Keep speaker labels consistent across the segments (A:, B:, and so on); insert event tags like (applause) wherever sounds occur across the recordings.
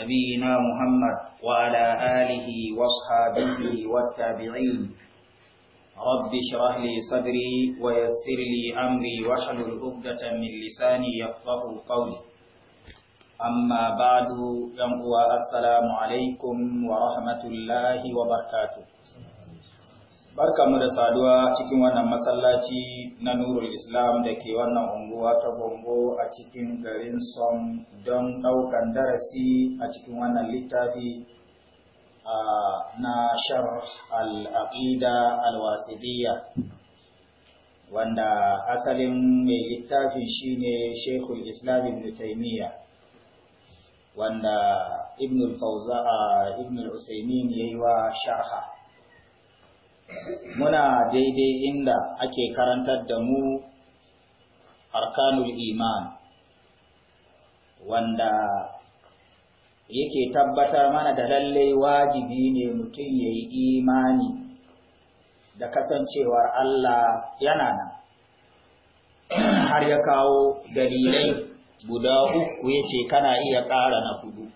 A: نبينا محمد وعلى آله واصحابه والتابعين رب اشرح لي صدري ويسر لي أمري واحلل عقدة من لساني يفقه قولي أما بعد ينقوى السلام عليكم ورحمة الله وبركاته Barka mu da saduwa cikin wannan masallaci na Nurul Islam da ke wannan unguwa ta Bongo a cikin garin Som don ɗaukan darasi a cikin wannan littafi na shar al-aqida al-wasidiyya wanda asalin mai littafin shine Sheikhul Islam Ibn Taymiyyah wanda Ibn al-Fawza Ibn al-Usaymin yayi wa sharha muna daidai inda ake karantar da mu arkanul iman wanda yake tabbatar mana da lallai wajibi ne mutum ya yi imani da kasancewar Allah yana nan har ya kawo dalilai guda uku ya ce kana iya ƙara na hudu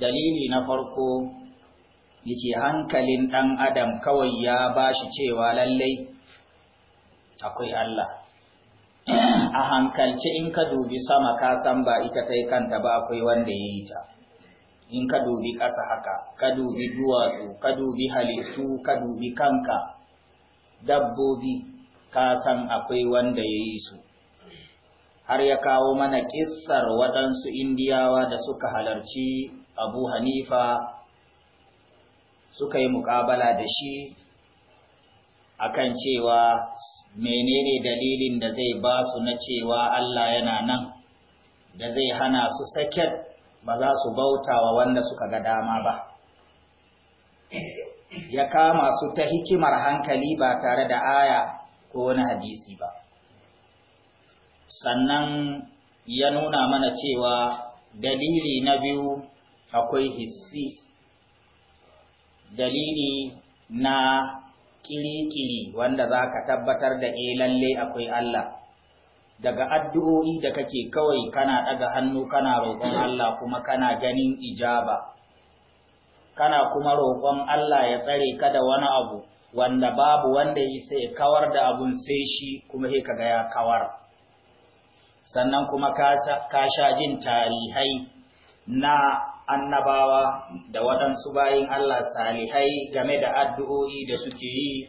A: dalili na farko yace hankalin ɗan adam kawai ya bashi cewa lallai akwai Allah a hankalce in ka dubi sama ka san ba ita kai kanta ba akwai wanda ya yi ta in ka dubi ƙasa haka ka dubi duwatsu ka dubi halittu ka dubi kanka dabbobi ka san akwai wanda ya yi su har ya kawo mana ƙissar waɗansu indiyawa da suka halarci abu hanifa suka yi mukabala da shi akan cewa menene dalilin da zai ba su na cewa Allah yana nan da zai hana su saket ba za su bauta wa wanda suka ga dama ba ya kama su ta hikimar hankali ba tare da aya ko wani hadisi ba sannan ya nuna mana cewa dalili na biyu akwai hissi dalili na kiri-kiri wanda za ka tabbatar da e lalle akwai Allah daga addu'o'i da kake kawai kana ɗaga hannu kana roƙon Allah kuma kana ganin ijaba kana kuma roƙon Allah ya tsare ka da wani abu wanda babu wanda ya sai kawar da abun sai shi kuma he ka gaya kawar sannan kuma ka sha jin tarihai na annabawa da waɗansu bayin Allah salihai game da addu'o'i da suke yi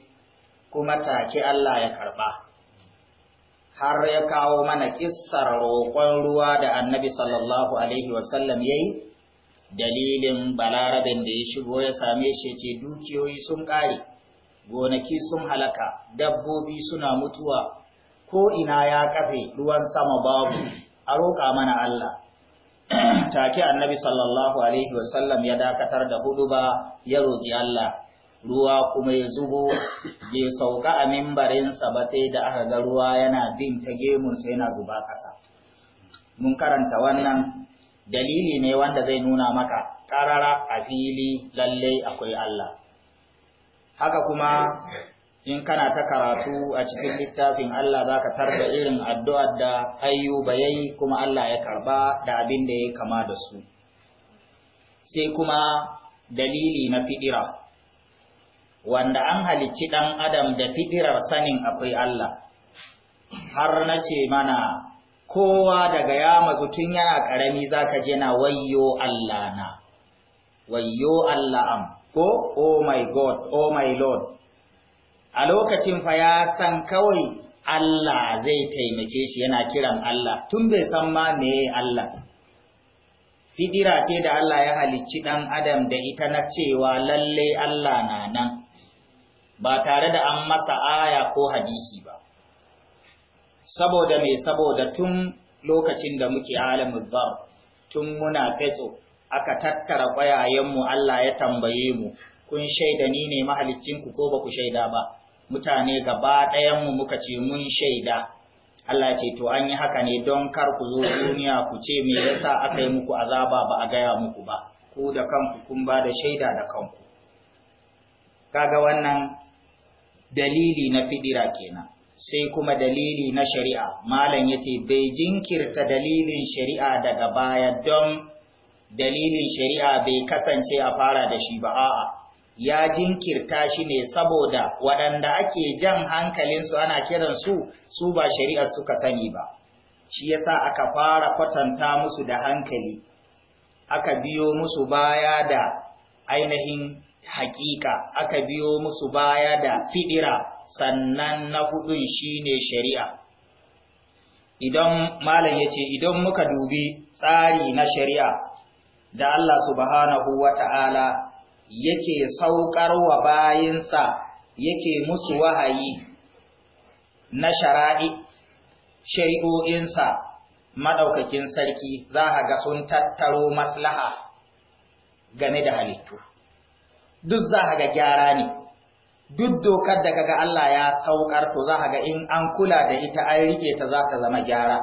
A: kuma take Allah ya karɓa. Har ya kawo mana ƙisar roƙon ruwa da annabi sallallahu Alaihi wasallam ya yi, dalilin balarabin da ya shigo ya same shi ce dukiyoyi sun ƙare, gonaki sun halaka, dabbobi suna mutuwa, ko ina ya kafe ruwan sama babu, a roƙa mana Allah. (clears throat) take annabi sallallahu alaihi wasallam ya dakatar da huduba ya roƙi Allah ruwa kuma ya zubo ya sauka a mimbarinsa ba sai da aka ga ruwa yana bin ta gemun sai yana zuba ƙasa mun karanta wannan dalili ne wanda zai nuna maka ƙarara a fili lallai akwai Allah haka kuma in kana ta karatu a cikin littafin Allah za ka tarda irin addu'ar da ayyuba ya yi kuma Allah ya karba da abin da ya kama da su. Sai kuma dalili na fiɗira, wanda an halicci ɗan Adam da fiɗirar sanin akwai Allah, har na ce mana kowa daga ya matsu tun yana ƙarami za ka je na wayyo Allah na, wayyo Allah am, ko oh my God, oh my Lord. a lokacin fa ya san kawai Allah zai taimake shi yana kiran Allah tun bai san ma ne Allah fidira ce da Allah ya halicci ɗan adam da ita na cewa lalle Allah na nan ba tare da an masa aya ko hadisi ba saboda me saboda tun lokacin da muke Alamu bar tun muna fetso aka tattara ƙwayayenmu Allah ya tambaye mu kun shaida ni ne mahaliccinku ko ba ku shaida ba mutane gaba ɗayanmu muka ce mun shaida Allah ce to an yi haka ne don kar ku zo duniya ku ce me yasa aka yi muku azaba ba a gaya muku ba ku da kanku kun ba da shaida da kanku kaga wannan dalili na fidira kenan sai kuma dalili na shari'a malam yace bai jinkirta dalilin shari'a daga baya don dalilin shari'a bai kasance a fara da shi ba a'a ya jinkirta shi ne saboda waɗanda ake jan hankalinsu ana kiransu su ba shari'ar suka sani ba shi yasa aka fara kwatanta musu da hankali aka biyo musu baya da ainihin hakika aka biyo musu baya da fidira sannan na hudun ne shari'a idan malam ya ce idan muka dubi tsari na shari'a da Allah subhanahu wata'ala yake saukar wa bayinsa yake musu wahayi na shara'i shari'o'insa madaukakin sarki za a ga sun tattaro maslaha game da halittu duk za a ga gyara ne duk dokar da kaga Allah ya saukar to za a ga in an kula da ita an riƙe ta za ta zama gyara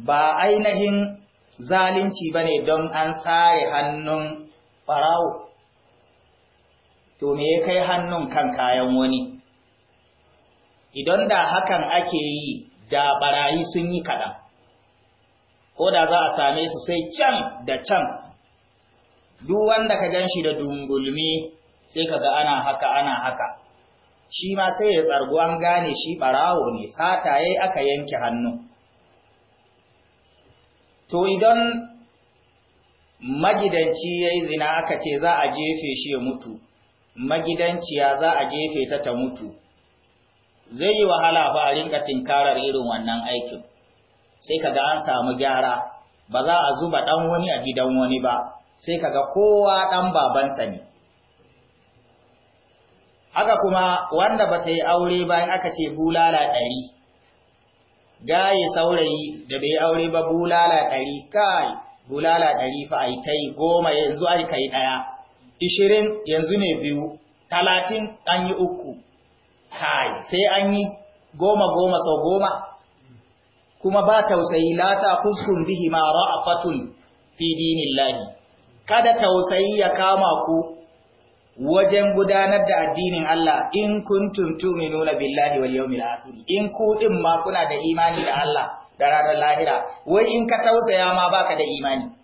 A: ba ainihin zalunci ba ne don an sare hannun ɓarawo to me ya kai hannun kan kayan wani idan da hakan ake yi da barayi sun yi kaɗan ko da za a same su sai can da can duk wanda ka gan shi da dungulmi sai ka ga ana haka ana haka shi ma sai ya tsargu an gane shi ɓarawo ne sata yayi aka yanke hannu to idan magidanci ya yi zina aka ce za a jefe shi ya mutu magidanciya za a jefe ta ta mutu zai yi wahala ba a rinka tinkarar irin wannan aikin sai kaga an samu gyara ba za a zuba ɗan wani a gidan wani ba sai kaga kowa ɗan babansa ne haka kuma wanda ba ta yi aure bayan aka ce bulala ɗari gaye saurayi da bai aure ba bulala ɗari kai bulala ɗari fa a yi ta yi goma yanzu ai yi ɗaya ishirin yanzu ne biyu talatin an yi uku kai sai an yi goma goma sau goma kuma ba tausayi lata kuskun bihi ma ra'afatun fi lahi, kada tausayi ya kama ku wajen gudanar da addinin Allah in kun tuntumi nuna billahi wal yawmil akhir in ku din ma kuna da imani da Allah da ranar lahira wai in ka tausaya ma baka da imani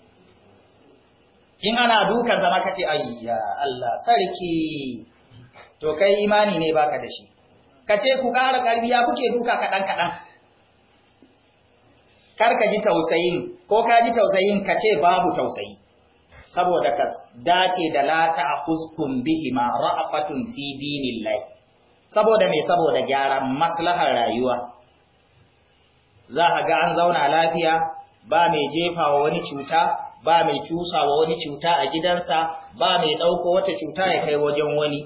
A: in ana dukan zama kace ayya Allah sarki to kai imani ne baka da shi kace ku ƙara ƙarfi ya kuke duka kaɗan kaɗan kar ka ji tausayin ko ka ji tausayin kace babu tausayi saboda ka dace da la ta'khuzkum ma ra'afatun fi dinillahi saboda me saboda gyaran maslahar rayuwa za ga an zauna lafiya ba mai jefa wa wani cuta ba mai cusa wa wani cuta a gidansa ba mai ɗauko wata cuta ya kai wajen wani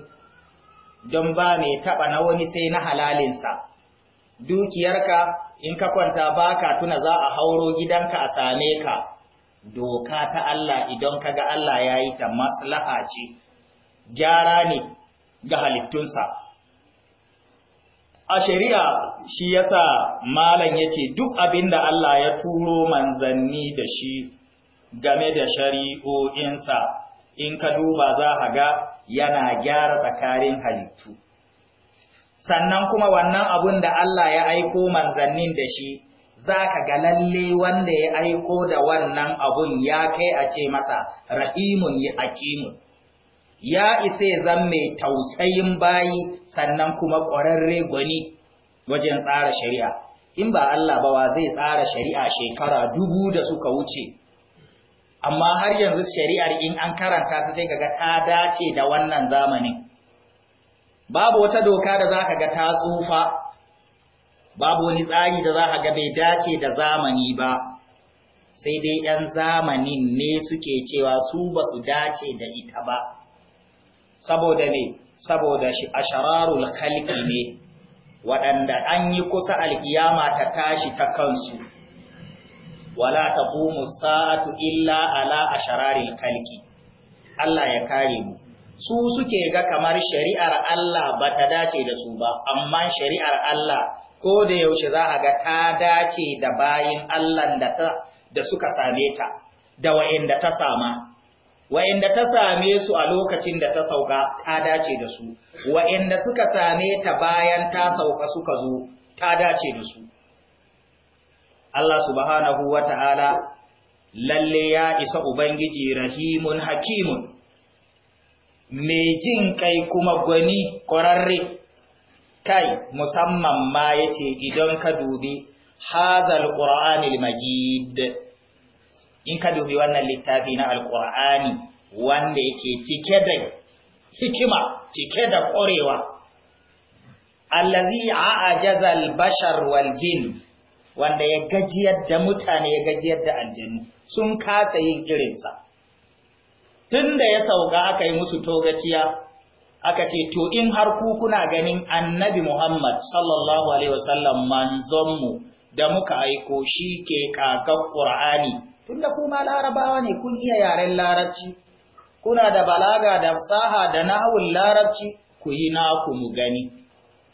A: don ba mai taɓa na wani sai na halalinsa dukiyarka in ka kwanta baka tuna za a hauro gidanka a same ka doka ta Allah idan ka ga Allah ya yi ta maslaha ce gyara ne ga halittunsa a shari'a shi yasa malam yace duk abinda Allah ya turo manzanni da shi game da shari'o'insa in ka duba za a ga yana gyara tsakarin halittu sannan kuma wannan abun da Allah ya aiko manzannin da shi za ka ga lalle wanda ya aiko da wannan abun ya kai a ce masa rahimun ya hakimu ya isa zan mai tausayin bayi sannan kuma ƙwararre gwani wajen tsara shari'a in ba Allah ba wa zai tsara shari'a shekara dubu da suka wuce amma har yanzu shari'ar in an karanta ta sai kaga ta dace da wannan zamanin babu wata doka da zaka ga ta tsufa babu wani tsari da zaka ga bai dace da zamani ba sai dai yan zamanin ne suke cewa su ba su dace da ita ba saboda ne saboda shi ashararul khalqi ne waɗanda an yi kusa alkiyama ta tashi ta kansu wala taqumu sa'atu illa ala ashararil khalqi Allah ya kare mu su suke ga kamar shari'ar Allah ba ta dace da su ba amma shari'ar Allah ko da yaushe za a ga ta dace da bayin Allah da ta da suka same ta da wa'inda ta sama wa'inda ta same su a lokacin da ta sauka ta dace da su wa'inda suka same ta bayan ta sauka suka zo ta dace da su Allah subhanahu wa ta'ala lalle ya isa Ubangiji rahimun hakimun, mai jin kai kuma gwani ƙwararre, kai musamman ma ya ce idan ka dubi hazal ƙura'anil majid, in ka dubi wannan littafi na alƙura'ani wanda yake cike da hikima, cike da ƙwarewa. Allazi a ajazal bashar wal jin wanda ya gajiyar da mutane ya gajiyar da aljanu sun katsa yin irinsa tun da ya sauka aka yi musu togaciya aka ce to in har ku kuna ganin annabi muhammad sallallahu alaihi wasallam manzonmu da muka aiko shi ke kakar ƙur'ani tun da kuma larabawa ne kun iya yaren larabci kuna da balaga da fasaha da nahawun larabci ku yi naku mu gani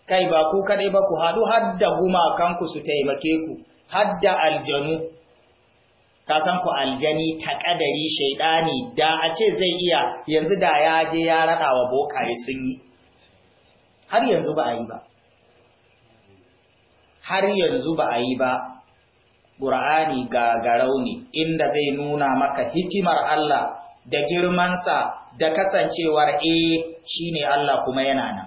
A: kai ba ku kadai ba ku haɗu hadda gumakanku su taimake ku hadda aljanu ka san ku aljani ta ƙadari shaiɗani da a ce zai iya yanzu da ya je ya raɗa wa bokaye sun yi har yanzu ba a yi ba har yanzu ba a yi ba Ƙur'ani ga garauni inda zai nuna maka hikimar Allah da girmansa da kasancewar e eh, shine Allah kuma yana nan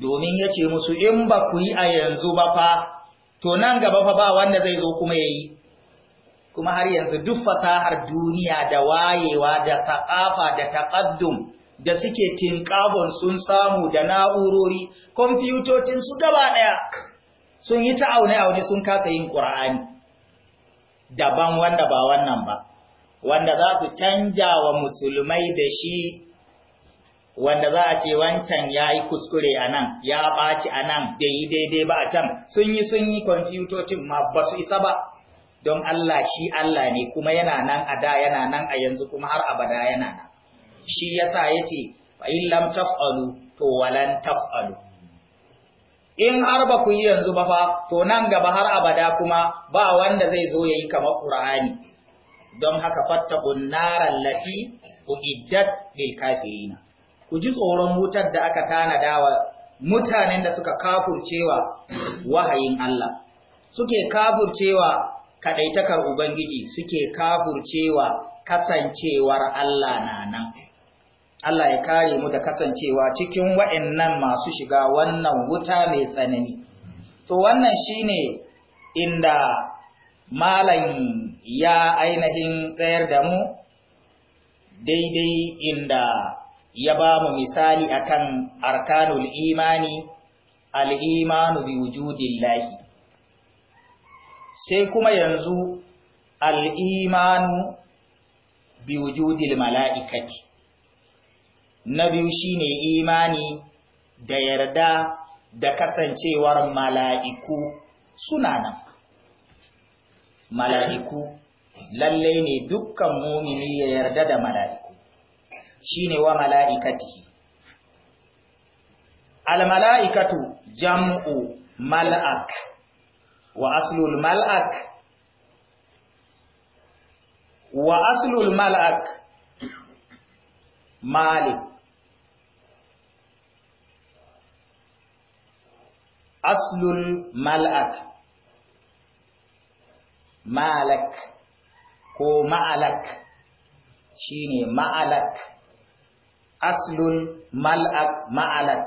A: domin ya ce musu in ba ku yi a yanzu ba fa to nan gaba fa ba wanda zai zo kuma ya yi kuma har yanzu duk fasahar duniya da wayewa da taƙafa da taƙaddum da suke tinƙabon sun samu da na'urori kwamfutocin su gaba ɗaya sun yi ta aune-aune sun kasa yin ƙura'ani daban wanda ba wannan ba wanda za su canja wa musulmai da shi wanda za a ce wancan ya yi kuskure a nan ya ɓaci a nan bai yi daidai ba a can sun yi sun yi kwamfutocin ma ba su isa ba don Allah shi Allah ne kuma yana nan a da yana nan a yanzu kuma har abada yana nan shi ya yasa yace ce in lam taf'alu to walan taf'alu in har ba ku yi yanzu ba fa to nan gaba har abada kuma ba wanda zai zo ya yi kamar ƙur'ani. don haka fattaqun naral lati uiddat lil kafirina ku ji tsoron wutar da aka tanada wa mutanen da suka kafurcewa wahayin Allah suke kafurcewa kadaitakar ubangiji suke kafurcewa kasancewar Allah na nan Allah ya kare mu da kasancewa cikin waɗannan masu shiga wannan wuta mai tsanani to wannan shine inda malam ya ainihin tsayar da mu daidai inda ya ba mu misali akan arkanul imani al'imanu bi lahi sai kuma yanzu al'imanu bi wujudil mala'ikati na biyu shine imani da yarda da kasancewar mala'iku suna nan mala'iku lallai ne dukkan mumini ya yarda da mala'iku shine wa mala'ikatihi al mala'ikatu jam'u mal'ak wa aslul mal'ak wa aslul mal'ak malik aslul mal'ak malak ko ma'alak shi ne ma'alak aslul mal'ak ma'alak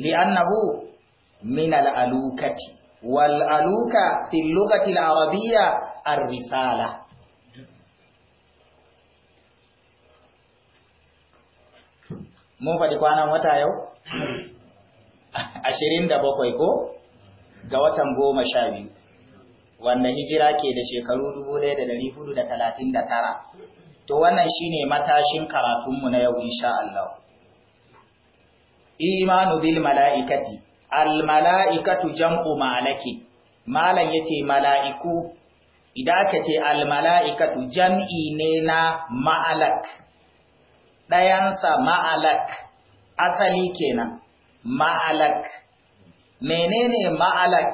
A: li'annahu min al'alukati wal aluka fil lughati al arabiyya ar risala mun faɗi kwanan wata yau? ashirin da bakwai ko? ga watan goma sha biyu wanda hijira ke da shekaru dubu ɗaya da da da ɗari tara, to wannan shine matashin karatunmu na yau insha Allah imanu bil mala'ikati al mala'ikatu jam'u malaki malam yace mala'iku idan ka ce al mala'ikatu jam'i ne na ma'alak ɗayansa ma'alak asali kenan ma'alak menene ma'alak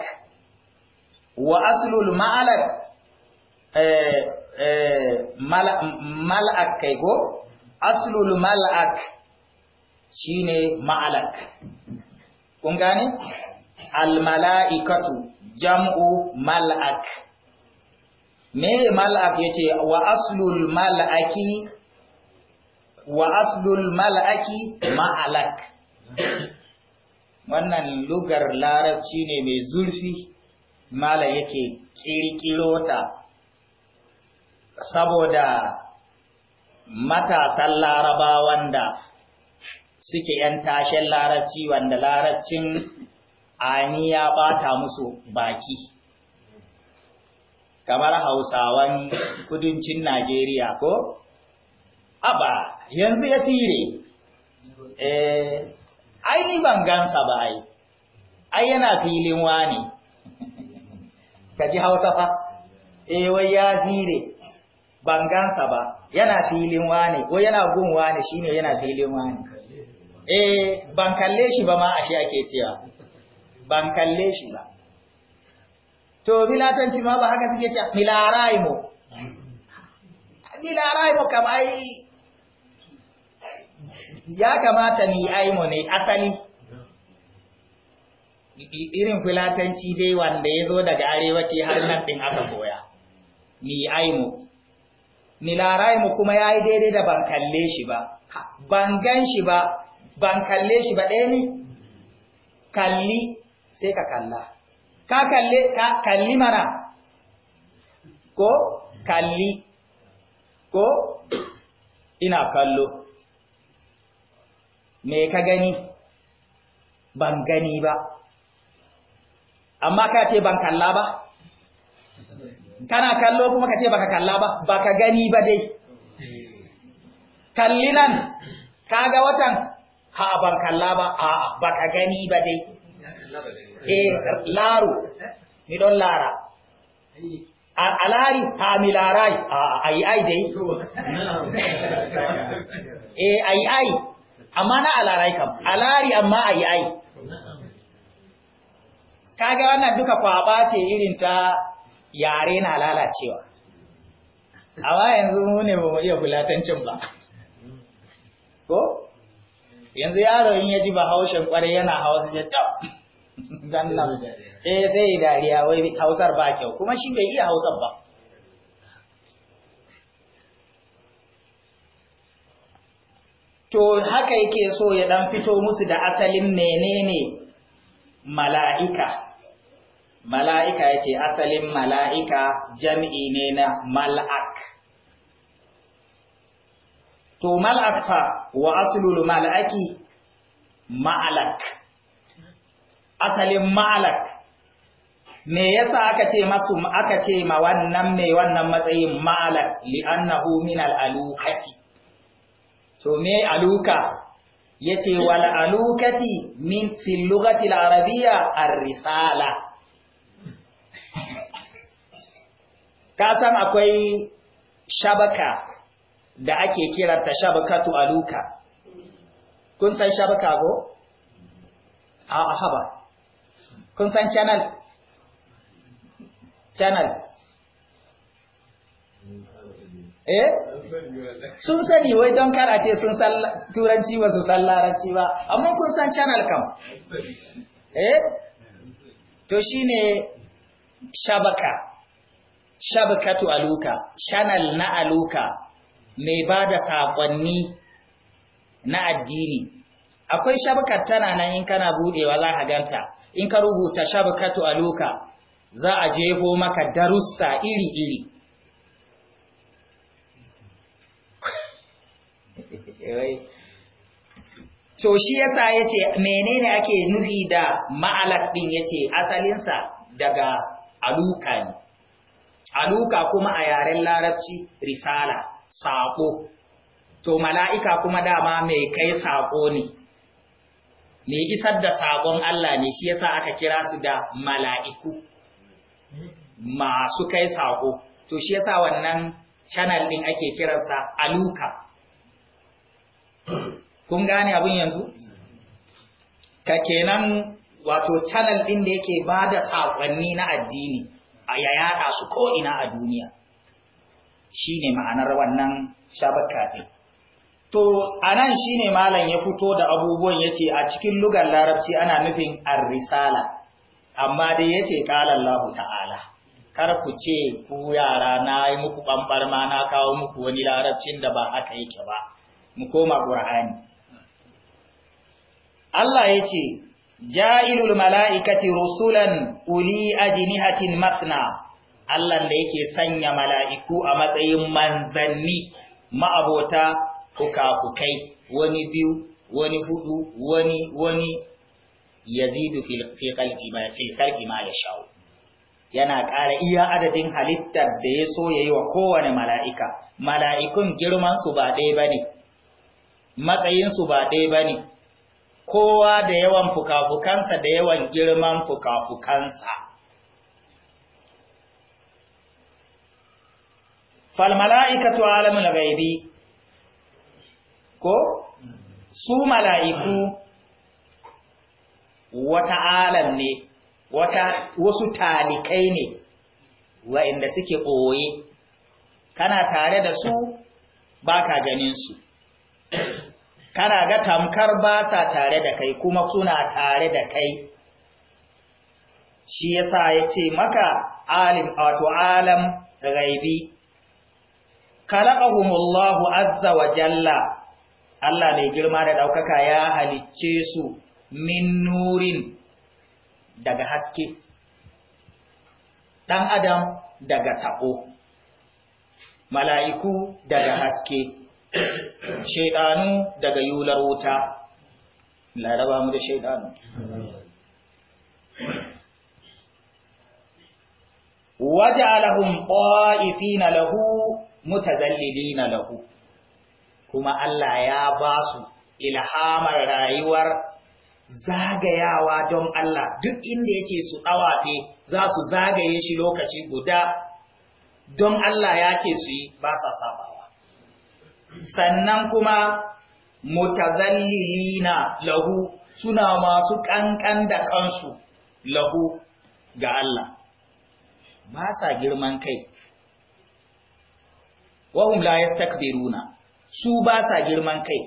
A: wa aslul ma'alak Eh, eh, mala'ak kai ko aslul mala'ak shine ma'alak kun gane almala'ikatu jam'u mala'ak me mala'ak yace wa aslul mala'aki wa aslul mala'aki ma'alak wannan lugar larabci ne mai zurfi mala yake kirkirota ta saboda matasan larabawan da suke ‘yan tashen larabci wanda larabcin ani ya bata musu baki kamar hausawan Kudincin Najeriya ko? Aba yanzu ya tsire, eh, ni ban gansa ba ai, ai yana filin wani, (laughs) ka ji hausa fa, eh wai ya tsire. ban gansa ba yana filin wane ko yana gun wane shine yana filin wane eh ban kalle shi ba ma ashe ake cewa ban kalle shi ba to milatanci ma ba haka suke cewa mo kama yi ya kamata ni ai mo ne asali irin filatanci dai wanda ya zo daga arewaci har nan ɗin aka koya ni ai mo. mu kuma ya yi daidai da ban kalle shi ba ban gan shi ba ban kalle shi ba ɗaya ne kalli sai ka kalla ka kalle ka kalli mana ko kalli ko ina kallo me ka gani ban gani ba amma ka ce ban kalla ba kana kallo kuma ka ce baka kalla ba baka gani ba dai kalli nan kaga watan ha ban kalla ba a'a baka gani ba dai eh laru. ni don lara a lari ha mi larai a'a ai ai dai eh ai ai amma na alarai kam alari amma ai ai kaga wannan duka kwaba ce irin ta yare na lalacewa a yanzu mu ne ba mu iya bulatancin ba ko yanzu yaro in ya ji ba haushin kwarai yana hawa su jadda dan nan eh sai dariya wai hausar ba kyau kuma shi bai iya hausar ba to haka yake so ya dan fito musu da asalin menene mala'ika mala'ika ya ce asalin mala'ika jam'i ne na mal'ak. To mal'ak fa wa asulul mal'aki ma'alak. Asalin ma'alak. Me yasa aka ce masu aka ce ma wannan mai wannan matsayin ma'alak li'annahu min al'alukaki. To me aluka ya ce wal alukati min fil lugati al-arabiyya ar-risala. ka san akwai shabaka da ake kiranta shabakatu aluka kun san shabaka ko a haba kun san channel channel eh sun sani wai don karace sun san turanci ba su san larabci ba amma kun san channel kam eh to shine shabaka shabkatu aluka channel na aluka mai ba da saƙonni na addini akwai shabakar tana nan in kana budewa za ka ganta in ka rubuta shabkatu aluka za a jeho maka darussa iri-iri (laughs) to shi yasa yace menene ake nufi da ma'alak din yace asalinsa daga aluka aluka kuma a yaren larabci risala saƙo to mala'ika kuma dama mai kai saƙo ne mai isar da saƙon Allah ne shi yasa aka kira su da mala'iku masu kai sako? to shi yasa wannan channel ɗin ake kiransa aluka kun gane abin yanzu ka kenan wato channel ɗin da yake ba da saƙonni na addini a ya su ko'ina a duniya shi ne ma'anar wannan shabakka to a nan shi ne malam ya fito da abubuwan ya ce a cikin lugar larabci ana nufin ar amma dai ya ce ƙalallahu ta'ala kar ku ce ku yara na yi muku ɓamɓar ma na kawo muku wani larabcin da ba haka yake ba, mu koma ƙur'ani. Allah ya ce, ja'ilul mala'ikati rusulan uli ajnihatin matna Allah da yake sanya mala'iku a matsayin manzanni ma'abota fuka-fukai wani biyu wani hudu wani wani yazidu fi kalki ma ya shawo yana ƙara iya adadin halittar da ya so ya wa kowane mala'ika mala'ikun girmansu ba ɗaya ba ne matsayinsu ba ɗaya ba ne kowa da yawan fukafukansa da yawan girman fukafukansa falmala'ikatu alamun gaibi ko su mala'iku wata alam ne wata wasu talikai ne wa'inda suke ɓoye kana tare da su ba ka ganinsu kana ga tamkar ba sa tare da kai kuma suna tare da kai shi yasa ya maka alim wato alam gaibi khalaqahumullahu azza wa jalla Allah mai girma da daukaka ya halicce su min nurin daga haske dan adam daga tabo mala'iku daga haske shaidanu daga yular wuta laraba mu da shaidanu waja'alahum qa'ifina lahu mutazallilina lahu kuma Allah ya ba su ilhamar rayuwar zagayawa don Allah duk inda yake su dawafe za su zagaye shi lokaci guda don Allah ya ce su yi ba sa saba sannan kuma mutazallilina lahu suna masu kankan da kansu lahu ga Allah ba sa girman kai wahum la yastakbiruna su ba sa girman kai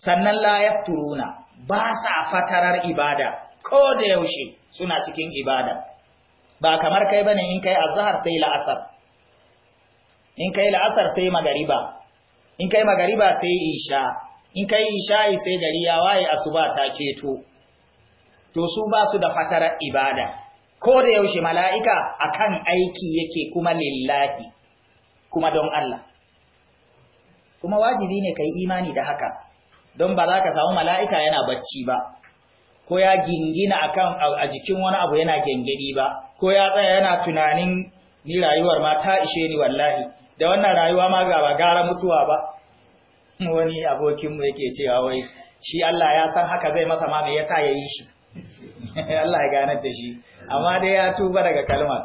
A: sannan la yafturuna ba sa fatarar ibada ko da yaushe suna cikin ibada ba kamar kai bane in kai azhar sai la'asar in kai la'asar sai magariba in kai magariba sai isha in kai isha'i sai gari ya waye asuba ta keto to su ba su da fatarar ibada ko da yaushe mala'ika akan aiki yake kuma lillahi kuma don Allah kuma wajibi ne kai imani da haka don ba za ka samu mala'ika yana bacci ba ko ya gingina akan a jikin wani abu yana gengedi ba ko ya tsaya yana tunanin ni rayuwar mata ishe ni wallahi da wannan rayuwa ma ba gara mutuwa ba wani abokinmu yake cewa wai shi Allah ya san haka zai masa ma me yasa ya yi shi (laughs) Allah ya ganar da shi amma dai ya tuba daga kalmar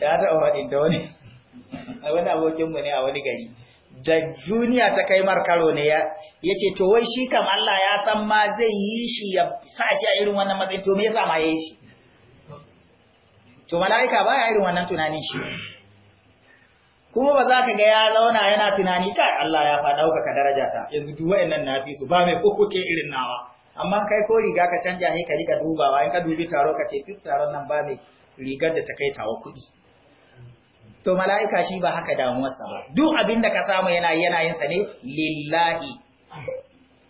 A: ya taɓa faɗin da wani (laughs) wani abokinmu ne a wani gari da duniya ta kai markaro ne ya ce to wai shi kam Allah ya san ma zai yi shi ya sa shi a irin wannan matsayi to me yasa ma ya yi shi to mala'ika ba ya irin wannan tunanin shi kuma ba za ka ga ya zauna yana tunani kai Allah ya fa ɗaukaka daraja ta yanzu duk wayannan na fi su ba mai kokoke irin nawa amma kai ko riga ka canja sai ka rika dubawa in ka dubi taro ka ce duk taron nan ba mai rigar da ta kai tawa kuɗi to mala'ika shi ba haka sa, ba duk abin da ka samu yana yana yin sa ne lillahi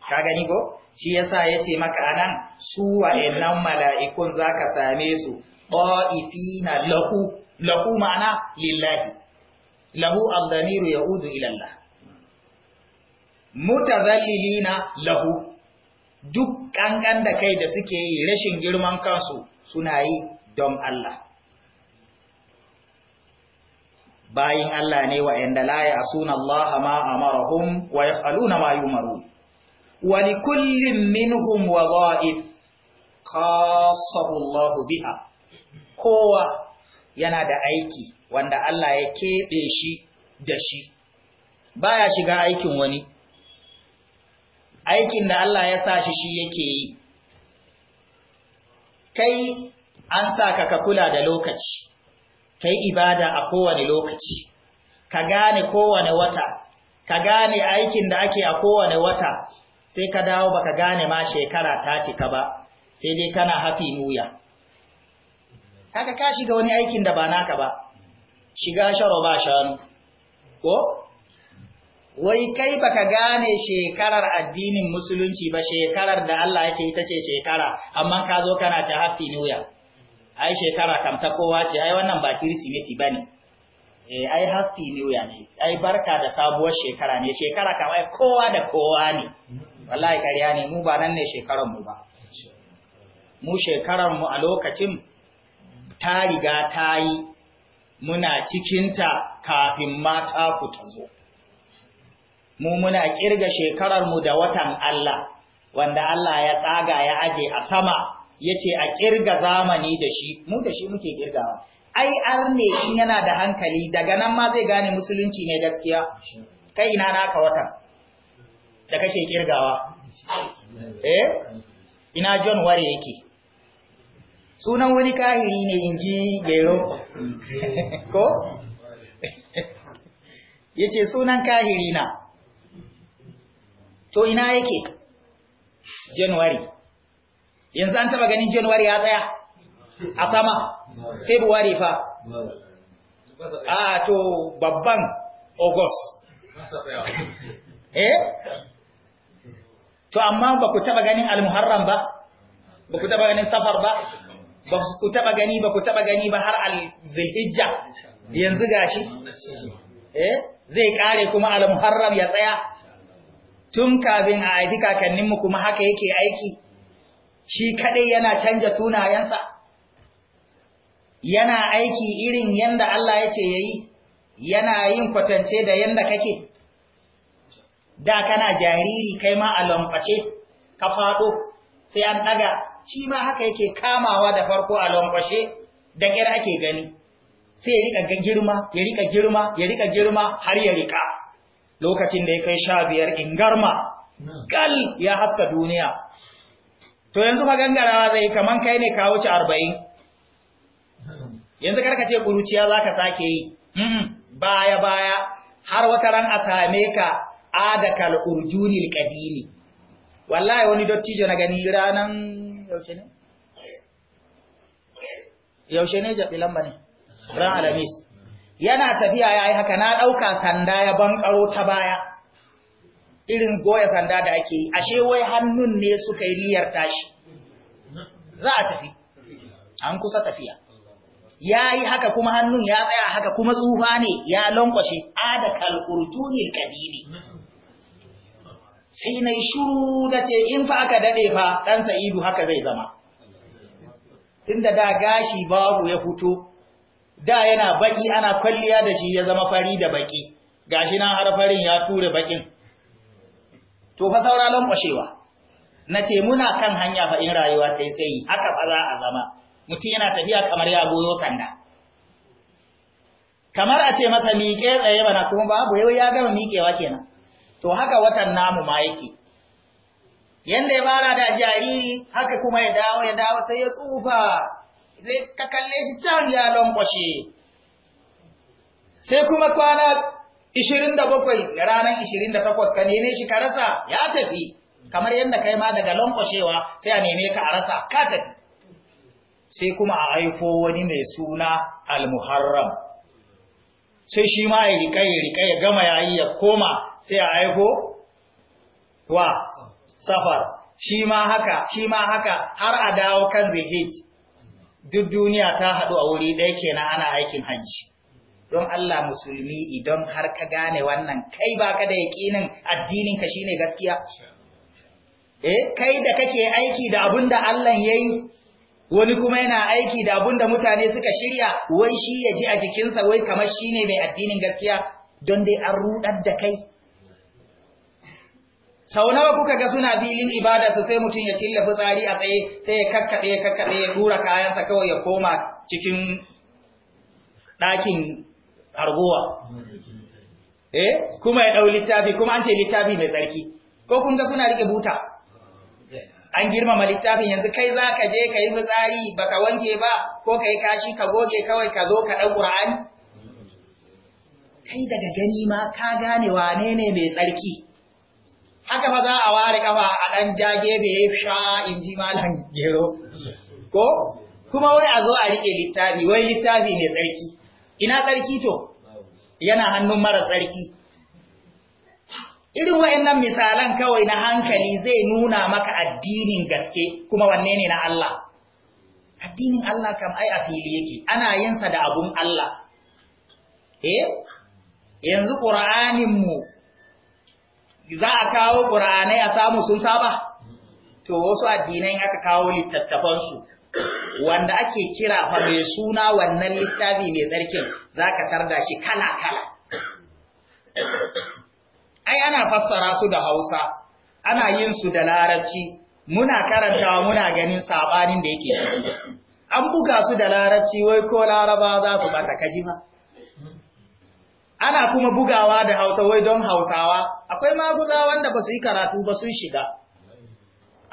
A: ka gani ko shi yasa yace maka anan su wayannan mala'ikun zaka same su qa'ifina lahu lahu ma'ana lillahi lahu ad-damiru ya'udu ila Allah mutazallilina lahu duk ƙanƙan da kai da suke yi rashin girman kansu suna yi don Allah bayin Allah ne wa'yanda la ya suna Allah ma a wa ya ma maru. Wani kullum minhum wa za'if, kasahu Allah biha, kowa yana da aiki wanda Allah ya keɓe shi da shi Ba ya shiga aikin wani aikin da Allah ya sa shi shi yake yi kai an sa ka ka kula da lokaci kai ibada a kowane lokaci ka gane kowane wata ka gane aikin da ake a kowane wata sai ka dawo baka gane ma shekara ta cika ba sai dai kana hafi nuya haka ka shiga wani aikin da ba naka ba shiga sharo ba shanu ko wai kai baka gane shekarar addinin musulunci ba shekarar da Allah ce ita ce shekara amma ka zo kana ta happy new year ai shekara kam ta kowa ce ai wannan ba kirsimeti bane eh ai happy new year ne ai barka da sabuwar shekara ne shekara kam ai kowa da kowa ne wallahi kariya ne mu ba nan ne shekarar mu ba mu shekarar mu a lokacin ta riga ta yi muna cikinta kafin mata ku ta zo. Mu muna ƙirga mu da watan Allah, wanda Allah ya tsaga ya aje a sama, ya ce a ƙirga zamani da shi, mu da shi muke ƙirgawa. Ai, arne in yana da hankali, daga nan ma zai gane musulunci ne gaskiya, kai ina naka watan da kake ƙirgawa. Eh, ina John Ware yake. sunan wani kahiri ne in ji gero ko ya ce sunan kahiri na to ina yake januwari yanzu an taba ganin januwari ya tsaya a sama february fa a to babban august eh to amma ba ku taba ganin almuharram ba ba ku taba ganin safar ba ba ku taba gani ba ku taba gani ba har al zilhijja yanzu gashi eh zai kare kuma al-muharram ya tsaya tun kafin a aidi kakannin mu kuma haka yake aiki shi kadai yana canja sunayensa yana aiki irin yanda Allah yake yayi yana yin kwatance da yanda kake da kana jariri kai ma a lamface ka faɗo sai an daga shi ma haka yake kamawa da farko a lankwashe da ƙyar ake gani sai ya riƙa girma ya riƙa girma ya riƙa girma har ya riƙa. lokacin da ya kai sha biyar in garma, gal ya haska duniya to yanzu fa gangarawa zai kaman kai ne kawo wuce arba'in yanzu karka ce ƙuruciya za ka sake yi baya baya har wata ran a same ka adakal urjunil ƙadini. wallahi wani dottijo na gani ranan yaushe ne yaushe ne lamba ne ran alamis yana tafiya ya yi haka na ɗauka sanda ya bankaro ta baya irin goya sanda da ake yi ashe wai hannun ne suka yi niyyar tashi za a tafi an kusa tafiya ya yi haka kuma hannun ya tsaya haka kuma tsufa ne ya lankwashe ada kalkurtunil kadiri sai na shuru na ce in fa aka daɗe fa ɗan sa'idu haka zai zama tunda da gashi babu ya fito da yana baƙi ana kwalliya da shi ya zama fari da baki gashi na har farin ya ture bakin to fa saura lankwashewa na ce muna kan hanya fa in rayuwa ta yi tsayi haka fa za a zama mutum yana tafiya kamar ya goyo sanda kamar a ce masa miƙe tsaye bana kuma babu yau ya gama miƙewa kenan to haka watan namu ma yake yanda ya fara da jariri haka kuma ya dawo ya dawo sai ya tsufa sai ka kalle shi can ya lankwashe sai kuma kwana 27 ranar 28 ka neme shi ka rasa ya tafi kamar yadda kai ma daga lankwashewa sai a neme ka a rasa ka tafi sai kuma a haifo wani mai suna al-muharram sai shi ma ya riƙa ya riƙa ya gama yayi ya koma sai a aiko wa safar shi ma haka shi ma haka har a dawo kan rihij duk duniya ta haɗu a wuri ɗaya kenan ana aikin hajji don Allah musulmi idan har ka gane wannan kai baka da yaƙinin addinin ka shine gaskiya eh kai da kake aiki da da Allah yayi wani kuma yana aiki da abun da mutane suka shirya wai shi ya ji a jikinsa wai kamar shi ne mai addinin gaskiya don dai an rudar da kai sau nawa kuka ga suna filin ibada su sai mutum ya cilla fitsari a tsaye sai ya kakkaɓe ya kakkaɓe ya tura kayansa kawai ya koma cikin ɗakin hargowa eh kuma ya ɗau littafi kuma an ce littafi mai tsarki ko kun ga suna riƙe buta an girmama littafin yanzu kai za ka je ka yi fitsari ba ka wanke ba ko ka yi kashi ka goge kawai ka zo ka ɗan ƙura'ani kai daga gani ma ka gane wane ne mai tsarki haka ba za a ware kafa a ɗan ja gefe ya sha in ji malam gero ko kuma wai a zo a riƙe littafi wai littafi mai tsarki ina tsarki to yana hannun mara tsarki irin wayannan misalan kawai na hankali zai nuna maka addinin gaske kuma wanne ne na Allah addinin Allah kam ai a fili yake ana yinsa da abun Allah eh yanzu qur'anin mu za a kawo qur'anai a samu sun saba to wasu addinai aka kawo littattafan su wanda ake kira fa mai suna wannan littafi mai tsarkin zaka tarda shi kala kala ai ana fassara su da Hausa ana yin su da larabci muna karantawa muna ganin sabanin da yake an buga su da larabci wai ko laraba za su bata kaji ma ana kuma bugawa da hausa wai don hausawa akwai maguza wanda ba su yi karatu ba sun shiga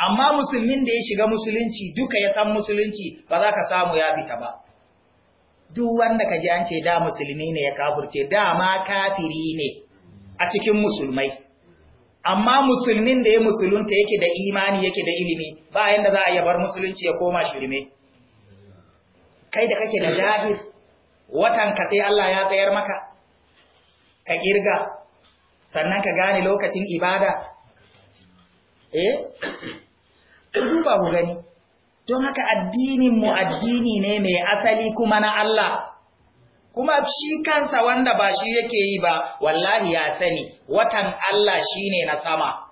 A: amma musulmin da ya shiga musulunci duka ya san musulunci ba za ka samu ya fita ba duk wanda ka ji an ce da musulmi ne ya kafirce da ma kafiri ne a cikin musulmai amma musulmin da ya musulunta yake da imani yake da ilimi ba yanda za a yabar musulunci ya koma shirme kai da kake da jahil watan ka sai Allah ya tsayar maka ka kirga sannan ka gane lokacin ibada eh ku duba ku gani don haka addinin mu addini ne mai asali kuma na Allah kuma shi kansa wanda ba shi yake yi ba wallahi ya sani watan Allah shine na sama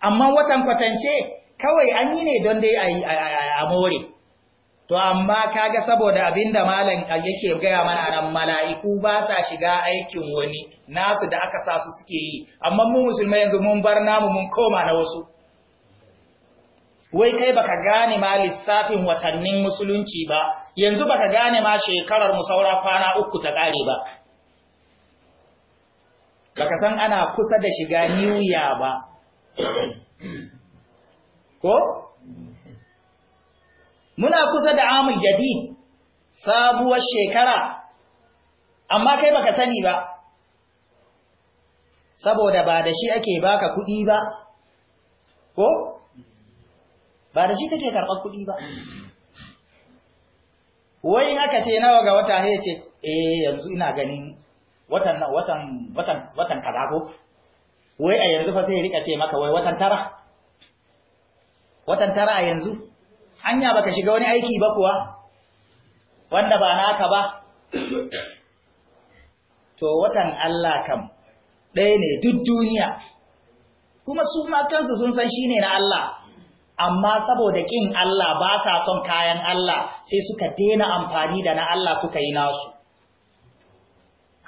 A: amma watan kwatance kawai an yi ne don dai a more to amma kaga saboda abinda malam yake gaya mana nan mala'iku ba sa shiga aikin wani nasu da aka sa su suke yi amma mu musulmai yanzu mun bar namu mun koma na wasu wai kai baka gane ma lissafin watannin musulunci ba yanzu baka gane ma shekarar mu saura kwana uku ta kare ba baka san ana kusa da shiga new year ba ko muna kusa da amul jadid sabuwar shekara amma kai baka sani ba saboda ba da shi ake baka kuɗi ba ko ba da shi kake karɓar kuɗi ba wai in aka ce nawa ga wata ya ce eh yanzu ina ganin watan watan watan watan kaza ko wai a yanzu fa sai rika ce maka wai watan tara watan tara a yanzu anya baka shiga wani aiki ba kuwa wanda ba naka ba to watan Allah kam ɗaya ne duk duniya kuma su ma kansu sun san shine na Allah amma saboda ƙin Allah ba sa son kayan Allah sai suka daina amfani da na Allah suka yi nasu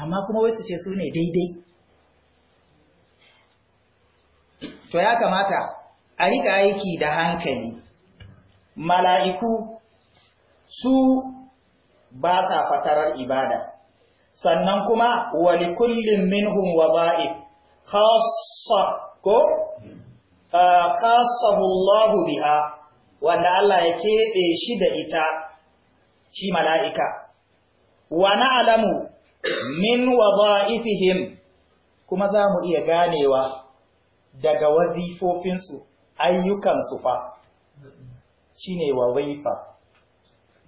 A: amma kuma wai su ce su ne daidai to ya kamata a riƙa aiki da hankali mala'iku su ba sa fatarar ibada sannan kuma wani kullum minhum wa ba'i khassa ko kasahu Allah biha wanda Allah ya keɓe shi da ita shi mala'ika wa na'lamu min wadha'ifihim kuma za mu iya ganewa daga wazifofinsu ayyukansu fa Shi ne wa waifa,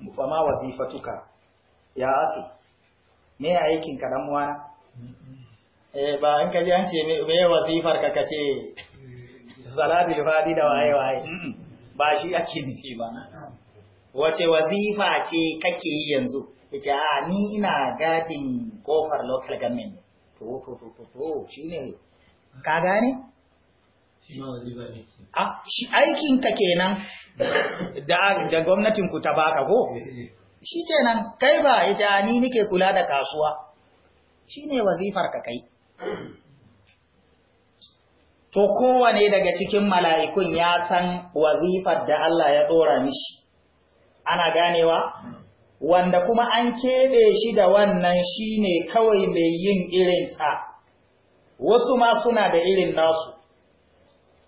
A: ma wazifatuka ya afi me aikin ka dan uwana eh ba an kaji an ce me wazifar ka kace salatul fadi da waye waye mm, mm, mm. ba shi ake nufi ba wace wazifa ce kake yi yanzu yace a ni ina gadin kofar local government to to to to to shine ka gane shi aikin ka kenan da da gwamnatin ku ta baka ko eh, eh. shi kenan kai ba yace ni nike kula da kasuwa shine wazifar ka kai to kowane daga cikin mala'ikun ya san wazifar da Allah ya ɗora mishi ana ganewa wanda kuma an keɓe shi da wannan shine kawai mai yin irin ta wasu ma suna da irin nasu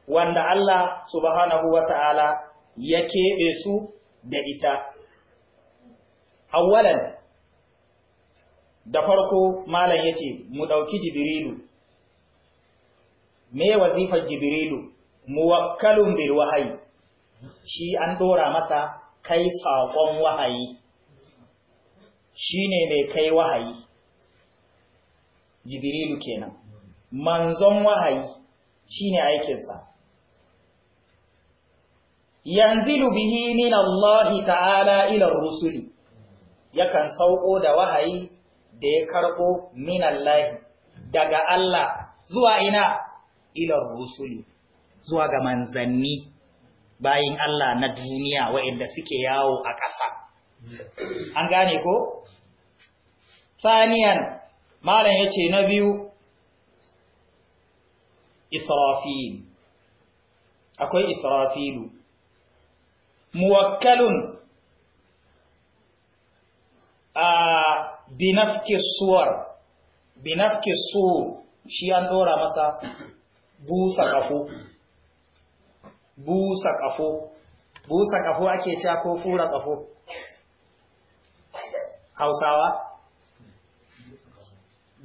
A: wanda Allah subhanahu Ta'ala ya keɓe su da ita awwalan da farko malam yace mu ɗauki jibrilu me wazifar jibrilu muwakkalun bil wahayi shi an dora masa kai saƙon wahayi shine mai kai wahayi jibrilu kenan manzon wahayi shine aikinsa yanzilu bihi min Allah ta'ala ila rusuli yakan sauko da wahayi da ya karɓo min Allah daga Allah zuwa ina ilar rusuli zuwa ga manzanni bayin Allah na duniya wa'inda suke yawo a ƙasa. An gane ko? Saniyan, Malam ya ce na biyu, Israfil, akwai Israfilu, muwakkalun a binafkisuwar, su shi an ɗora masa busa ƙafo busa ƙafo busa ƙafo ake cewa ko fura ƙafo hausawa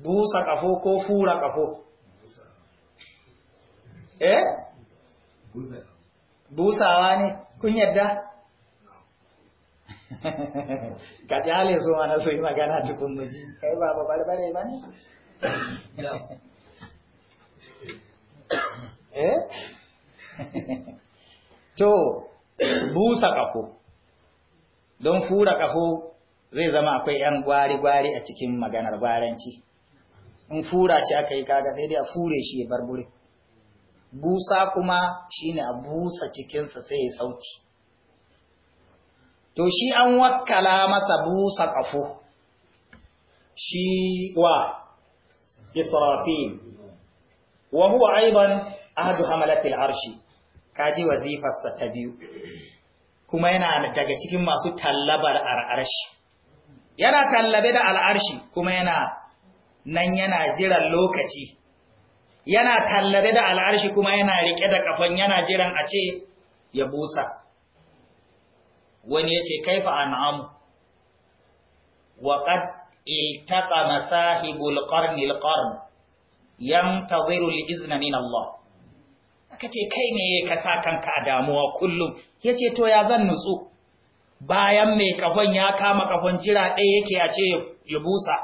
A: busa ƙafo ko fura ƙafo eh busawa ne kun yadda (laughs) ka jale so mana so yi magana tukun muji kai ba ba balbare ba ne eh (laughs) to busa kafo don fura kafo zai zama akwai yan gwari-gwari a cikin maganar gwaranci in fura shi aka yi kaga sai dai a fure shi ya barbure busa kuma shi ne a busa cikinsa sai ya sauti to shi an wakala masa busa kafo shi wa israfil wa huwa aiban ahadu hamalatil arshi ji wazifarsa ta biyu kuma yana daga cikin masu tallabar al'arshi yana tallabe da al'arshi kuma yana nan yana jiran lokaci yana tallabe da al'arshi kuma yana riƙe da kafan yana jiran a ce ya busa wani ya ce kaifa an'amu wa qad iltaqa masahibul qarnil ƙarni yantaziru li izna min Allah aka ce kai ne ka kasa kanka a damuwa kullum ya ce to ya zan nutsu bayan mai kafon ya kama kafon jira ɗaya yake a ce ya busa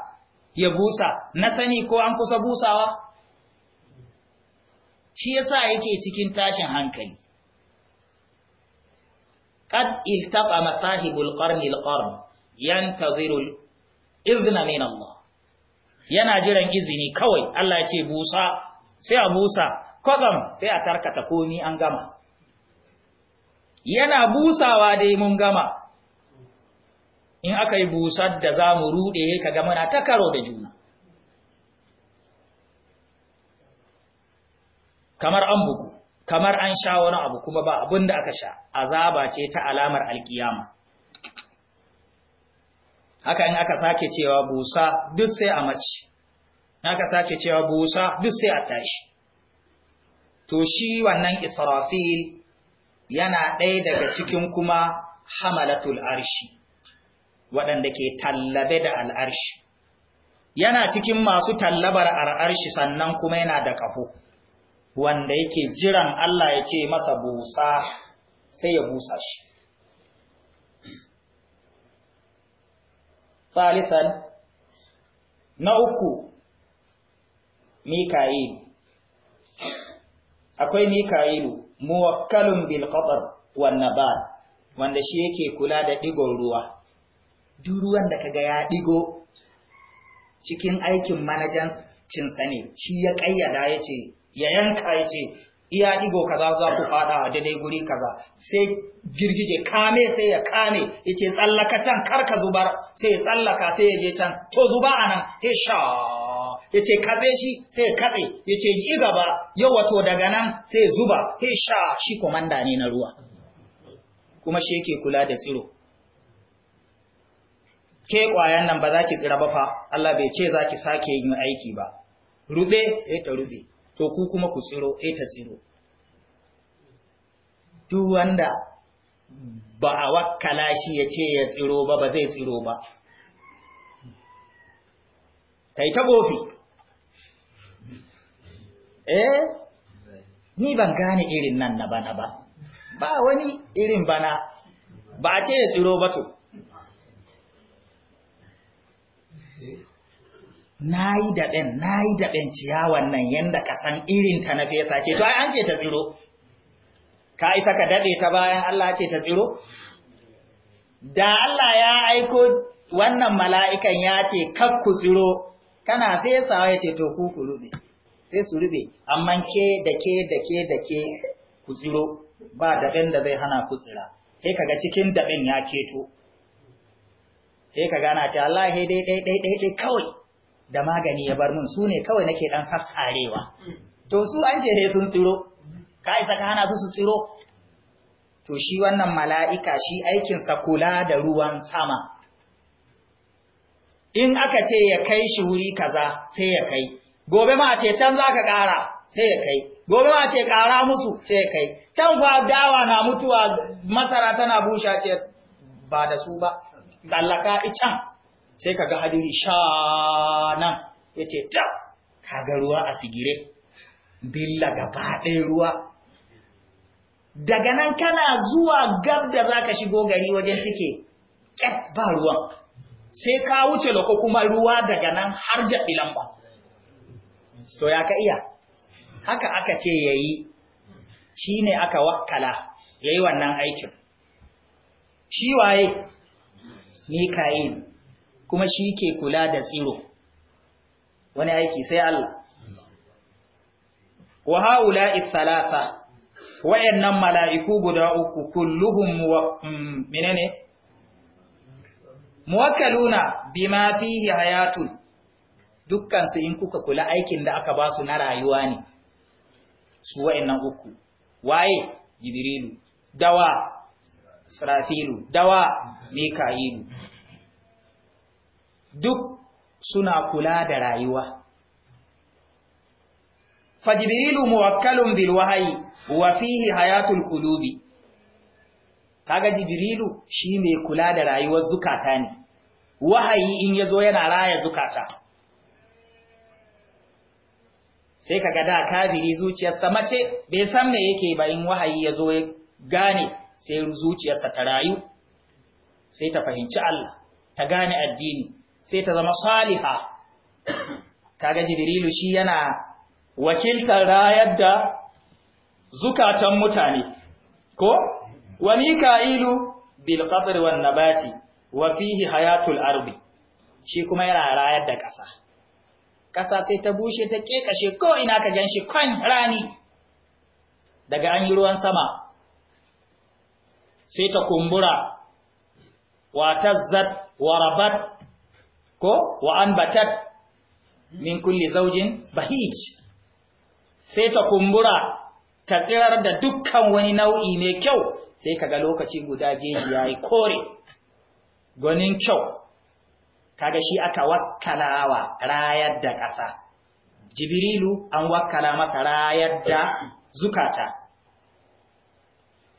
A: ya busa na sani ko an kusa busawa shi yasa yake cikin tashin hankali قد التقى مصاحب القرن القرن ينتظر الإذن من الله yana jiran izini kawai Allah ya ce busa sai a busa kwatsam sai a tarkata komi an gama yana busawa dai mun gama in aka yi busar da za mu ruɗe ka gama na ta karo da juna kamar an buku kamar an sha wani abu kuma ba abin da aka sha azaba ce ta alamar alkiyama haka in aka sake cewa busa duk sai a mace aka sake cewa busa duk sai a tashi to shi wannan israfil yana ɗaya daga cikin kuma hamalatul arshi waɗanda ke tallabe da al'arshi yana cikin masu tallabar al'arshi sannan kuma yana da ƙaho wanda yake jiran Allah ya ce masa busa sai ya busa shi ثالثا na uku mika'il akwai mika'ilu muwakkalun bil qatar wan nabat wanda shi yake kula da digon ruwa duk ruwan da kaga ya digo cikin aikin manajan cin ne shi ya kayyada yace ya yanka yace iya digo kaza za ku fada a daidai guri kaza sai girgije kame sai ya kame yace tsallaka can kar ka zubar sai ya tsallaka sai ya je can to zuba anan sai sha ya ce katse shi sai ya katse ya ce ji gaba yau wato daga nan sai zuba sai sha shi komanda ne na ruwa kuma shi yake kula da tsiro ke kwayan nan ba za ki tsira ba fa Allah bai ce za ki sake yin aiki ba rube ya ta rube to ku kuma ku tsiro ya ta tsiro duk wanda ba a wakala shi ya ce ya tsiro ba ba zai tsiro ba kai ta gofi eh ni ban gane irin nan na bana ba ba wani irin bana ba ce ya tsiro ba to na yi daɓen na yi daɓen ciyawan nan yadda ka san irin ta na fesa ce to ai an ce ta tsiro ka isa ka daɗe ta bayan Allah ce ta tsiro da Allah ya aiko wannan mala'ikan ya ce kakku tsiro kana fesa? ya ce to ku ku rube sai su rube amma ke da ke da ke da ke ku tsiro ba daɗin da zai hana ku tsira sai kaga cikin daɗin ya ceto sai ka gana ce Allah dai dai dai dai dai kawai da magani ya bar mun su ne kawai nake ɗan sassarewa to su an je ne sun tsiro ka isa ka hana su su tsiro to shi wannan mala'ika shi aikinsa kula da ruwan sama in aka ce ya kai shi wuri kaza sai ya kai gobe ma ce can za ka ƙara sai ya kai gobe ma ce ƙara musu sai ya kai can fa dawa na mutuwa masara tana busha ce ba da su ba tsallaka ican sai ka ga hadiri sha nan ya ce ta kaga ruwa a sigire billa gaba ɗaya ruwa daga nan kana zuwa gab da za ka shigo gari wajen tike ƙyar ba ruwan sai ka wuce loko kuma ruwa daga nan har jaɓi lamba to ya ka iya haka aka ce ya yi shi ne aka wakala ya yi wannan aikin shi waye mika'il kuma shi ke kula da tsiro wani aiki sai Allah wa haula ithalatha wayannan mala'iku guda uku kulluhum mm, menene muwakkaluna bima fihi hayatun dukkansu in kuka kula aikin da aka ba su na rayuwa ne su wa'annan uku waye jibrilu dawa srafilu dawa mika'ilu duk suna kula da rayuwa fajibrilu muwakkalun bil wahayi wa fihi hayatul qulubi kaga jibrilu shi mai kula da rayuwar zukata ne wahayi in yazo yana raya zukata sai kaga da kafiri zuciyarsa mace bai san me yake ba in wahayi ya zo ya gane sai zuciyarsa ta rayu sai ta fahimci Allah ta gane addini sai ta zama saliha kaga jibrilu shi yana wakiltar rayar da zukatan mutane ko wa mika'ilu bil qadri wan nabati wa fihi hayatul ardi shi kuma yana rayar da ƙasa ƙasa sai ta bushe ta ƙeƙashe ko ina ka gan shi kwan rani daga an yi ruwan sama sai ta kumbura wa tazzat wa rabat ko wa anbatat min kulli zaujin bahij sai ta kumbura ta tsirar da dukkan wani nau'i mai kyau sai kaga lokaci guda jeji yayi kore gwanin kyau kaga shi aka wakkalawa rayar da ƙasa jibrilu an wakkala masa rayar da zukata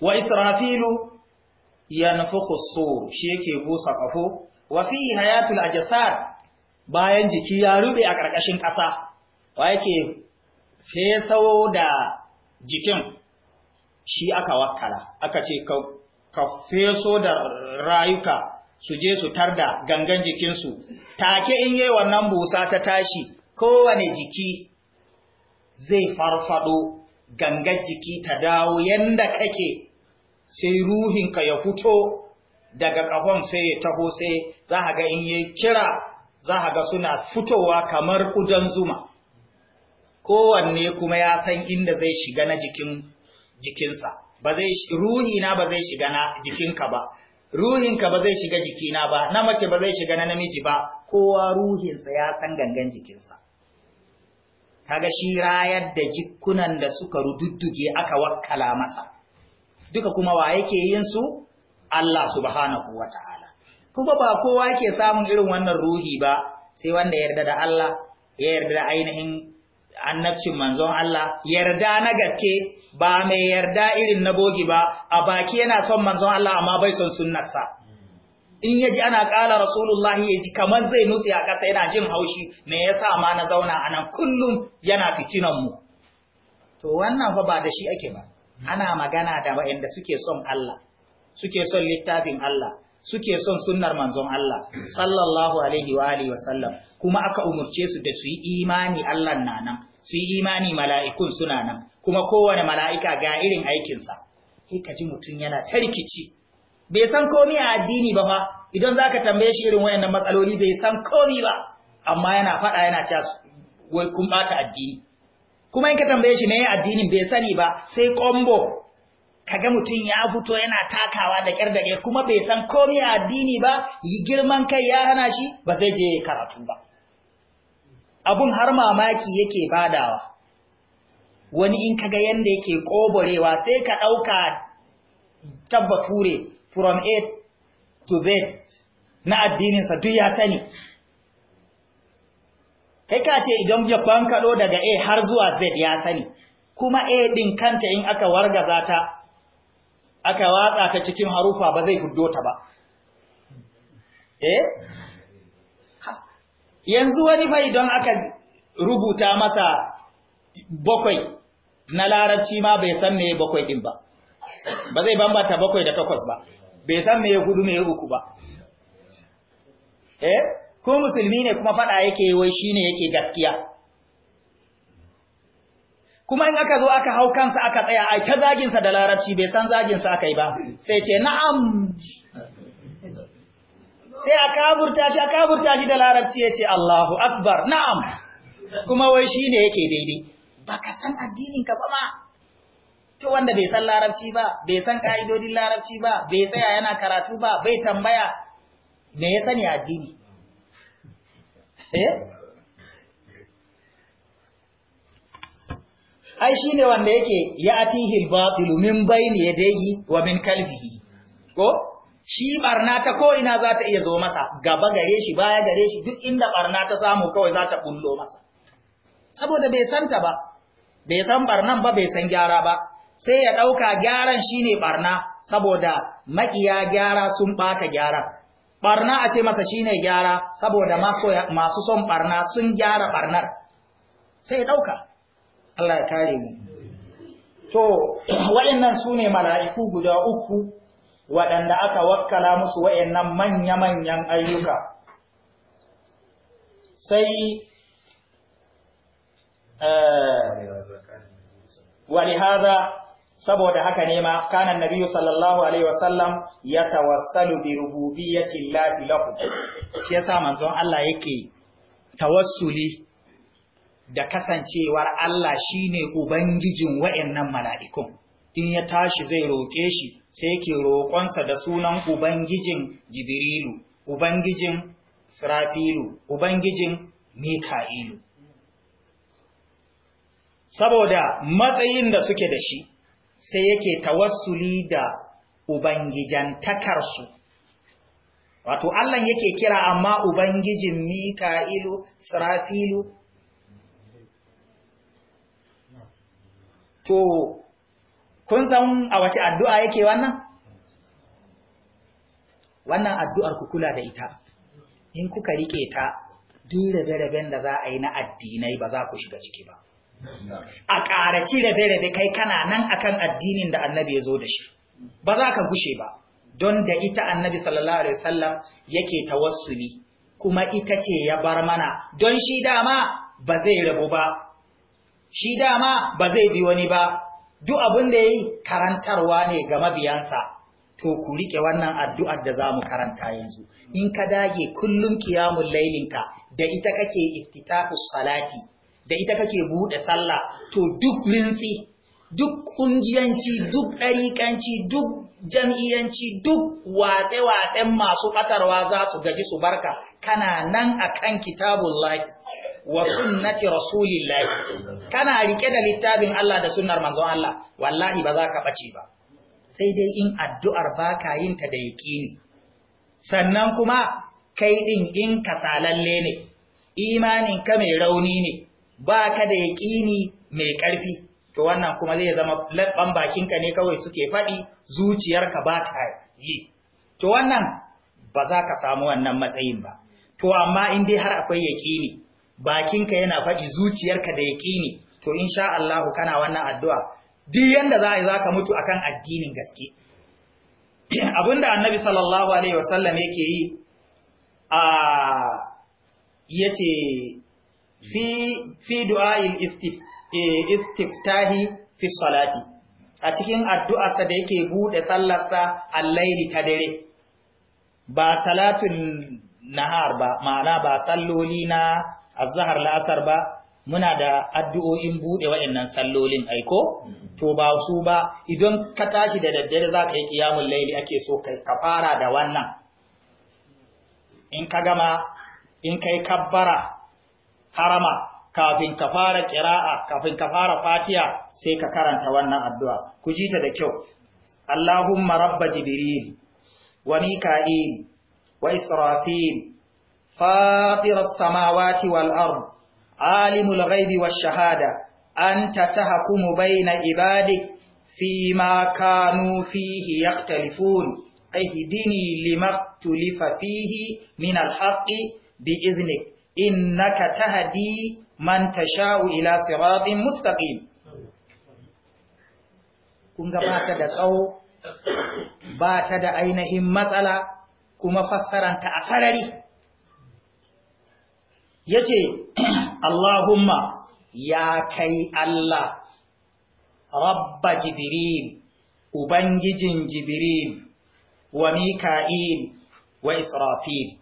A: wa israfilu yanfukhu sur shi yake busa kafo wa fi hayatul ajsad bayan jiki ya rube a ƙarƙashin ƙasa wa yake fesawo da jikin shi aka wakkala aka ce ka feso da rayuka su je su tarda gangan jikinsu take in yi wannan busa ta tashi kowane jiki zai farfado gangan jiki ta dawo yanda kake sai ruhinka ya fito daga ƙahon sai ya taho sai za a ga in yi kira za a ga suna fitowa kamar ƙudan zuma kowanne kuma ya san inda zai shiga na jikinsa Ruhina ba zai shiga na jikinka ba ruhinka ba zai shiga jikina ba na mace ba zai shiga na namiji ba kowa ruhinsa ya san gangan jikinsa kaga shi rayar da jikunan da suka rududduge aka wakkala masa duka kuma wa yake yin su Allah subhanahu wata'ala kuma ba kowa ke samun irin wannan ruhi ba sai wanda yarda da Allah ya yarda da ainihin annabcin manzon Allah yarda na gaske ba mai yarda irin na bogi ba a baki yana son manzon Allah amma bai son sunnarsa in yaji ana ƙala rasulullahi yaji kamar zai nutse a ƙasa yana jin haushi me yasa ma na zauna nan kullum yana fitinan mu to wannan fa ba da shi ake ba ana magana da waɗanda suke son Allah suke son littafin Allah suke son sunnar manzon Allah sallallahu alaihi wa alihi wa sallam kuma aka umurce su da su yi imani Allah na nan su yi imani mala'ikun suna nan kuma kowane mala'ika ga irin aikinsa sai ka ji mutum yana tarkici bai san komi a addini ba fa idan za ka tambaye shi irin wayannan matsaloli bai san komi ba amma yana faɗa yana cewa wai kun bata addini kuma in ka tambaye shi mai addinin bai sani ba sai kombo ga mutum ya fito yana takawa da kyar da kuma bai san komi a addini ba yi girman kai ya hana shi ba zai je karatu ba abun har mamaki yake badawa wani in kaga yanda yake koborewa sai ka ɗauka tabbature from A to Z na addininsa duk ya sani kai ka ce idan ya kaɗo daga A har zuwa Z ya sani kuma A ɗin kanta in aka wargaza ta aka watsa ta cikin harufa ba zai fuddo ta ba eh yanzu wani fa idan aka rubuta masa bakwai na larabci ma bai san me bakwai din ba ba zai bambata bakwai da takwas ba bai san me hudu me uku ba eh ko musulmi ne kuma fada yake wai shine yake gaskiya kuma in aka zo aka hau kansa aka tsaya ai ta zaginsa da larabci bai san zaginsa aka yi ba sai ce na'am sai a kaburta shi a kaburta shi da larabci ya ce Allahu Akbar na'am kuma wai shi ne yake daidai ba ka san addinin ka ba ma to wanda bai san larabci ba bai san ƙa'idodin larabci ba bai tsaya yana karatu ba bai tambaya me ya sani addini eh ai shi ne wanda yake ya atihil batilu min bayni yadayhi wa min kalbihi ko shi barna ta ko ina za ta iya zo masa gaba gare shi baya gare shi duk inda barna ta samu kawai za ta bullo masa saboda bai san ta ba bai san barnan ba bai san gyara ba sai ya ɗauka gyaran shine barna saboda makiya gyara sun bata gyara barna a ce masa shine gyara saboda masu son barna sun gyara barnar sai ya ɗauka Allah ya kare mu to (clears throat) waɗannan su ne mala'iku guda uku waɗanda aka wakkala musu wayannan manya-manyan ayyuka sai eh, walihaza saboda haka ne ma kanan nabiyu sallallahu alaihi wasallam ya tawassalu bi rububiyyati lafi lafi shi sa manzon Allah yake tawassuli da kasancewar Allah shi ne ubangijin wayannan mala'ikun in ya tashi zai roƙe shi sai ke roƙonsa da sunan ubangijin jibrilu ubangijin sirafilu ubangijin mika'ilu saboda matsayin da suke da shi sai yake tawassuli da ubangijantakarsu wato allah yake kira amma ubangijin mika'ilu sirafilu to kun san a wace addu'a yake wannan wannan addu'ar ku kula da ita in kuka rike ta duk rabe-raben da za a yi na addinai ba za ku shiga ciki ba a ƙaraci rabe-rabe kai kana nan akan addinin da annabi ya zo da shi ba za ka gushe ba don da ita annabi sallallahu alaihi wasallam yake tawassuli kuma ita ce ya bar mana don shi dama ba zai rabu ba shi dama ba zai bi wani ba duk abin da ya karantarwa ne ga mabiyansa to ku riƙe wannan addu'ar da za mu karanta yanzu in ka dage kullum kiyamun lailinka da ita kake iftitahus salati da ita kake buɗe sallah to duk rinsi duk kungiyanci duk ɗariƙanci duk jam'iyyanci duk watse-watsen masu ɓatarwa za su gaji su barka kana nan akan kitabun wa sunnati rasulillah kana rike da littafin Allah da sunnar manzon Allah wallahi ba za ka bace ba sai dai in addu'ar baka yin ta da yaqini sannan kuma kai din in ka salalle ne imanin ka mai rauni ne baka da yaqini mai karfi to wannan kuma zai zama labban bakinka ne kawai suke faɗi zuciyarka ba ta yi to wannan ba za ka samu wannan matsayin ba to amma in dai har akwai yaƙini bakinka yana faɗi zuciyarka da yaƙini to insha Allah kana wannan addu'a duk yanda za a zaka mutu akan addinin gaske (clears throat) abinda annabi sallallahu alaihi wasallam yake yi a yace fi fi du'a'il eh, istiftahi fi salati a cikin addu'arsa da yake buɗe sallarsa a laili ta dare ba salatun nahar ba ma'ana ba salloli na azhar la'asar ba muna da addu'o'in buɗe waɗannan sallolin aiko mm-hmm. to ba su ba idan ka tashi da daddare za ka yi ƙiyamun laili ake so kai ka fara da wannan in ka gama in kai kabbara harama kafin ka fara qira'a kafin ka fara fatiya, sai ka karanta wannan addu'a ku ji ta da kyau Allahumma rabba jibril wa mika'il wa israfil فاطر السماوات والأرض عالم الغيب والشهادة أنت تحكم بين عبادك فيما كانوا فيه يختلفون اهدني لما اختلف فيه من الحق بإذنك إنك تهدي من تشاء إلى صراط مستقيم kunga ba ta da tsawo ba ta da ainihin matsala kuma fassaranta a sarari ya ce (clears throat) Allahumma ya kai Allah rabba jibirin ubangijin jibirin wa mika'il wa israfil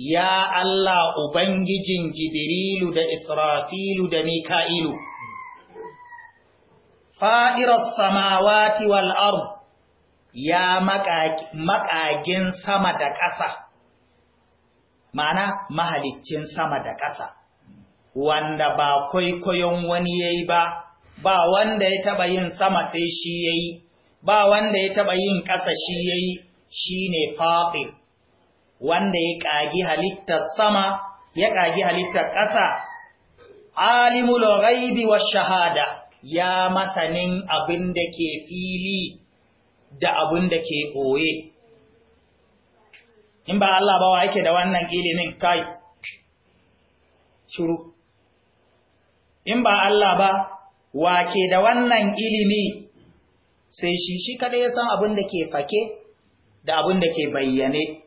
A: ya Allah ubangijin jibrilu da israfilu da mika'ilu fa'irar samawati wal'ar ya makagin sama da ƙasa ma'ana mahaliccin sama da ƙasa wanda ba kwaikwayon wani yayi ba ba wanda ya taɓa yin sama sai shi ya ba wanda ya taɓa yin ƙasa shi yayi shine fatir wanda ya ƙagi halittar sama ya ƙagi halittar ƙasa alimul raibi wa shahada ya masanin abin da ke fili da abin da ke ɓoye in ba Allah ba wa yake da wannan ilimin kai shuru in ba Allah ba wa ke da wannan ilimi sai shi shi kada ya san abin da ke fake da abin da ke bayyane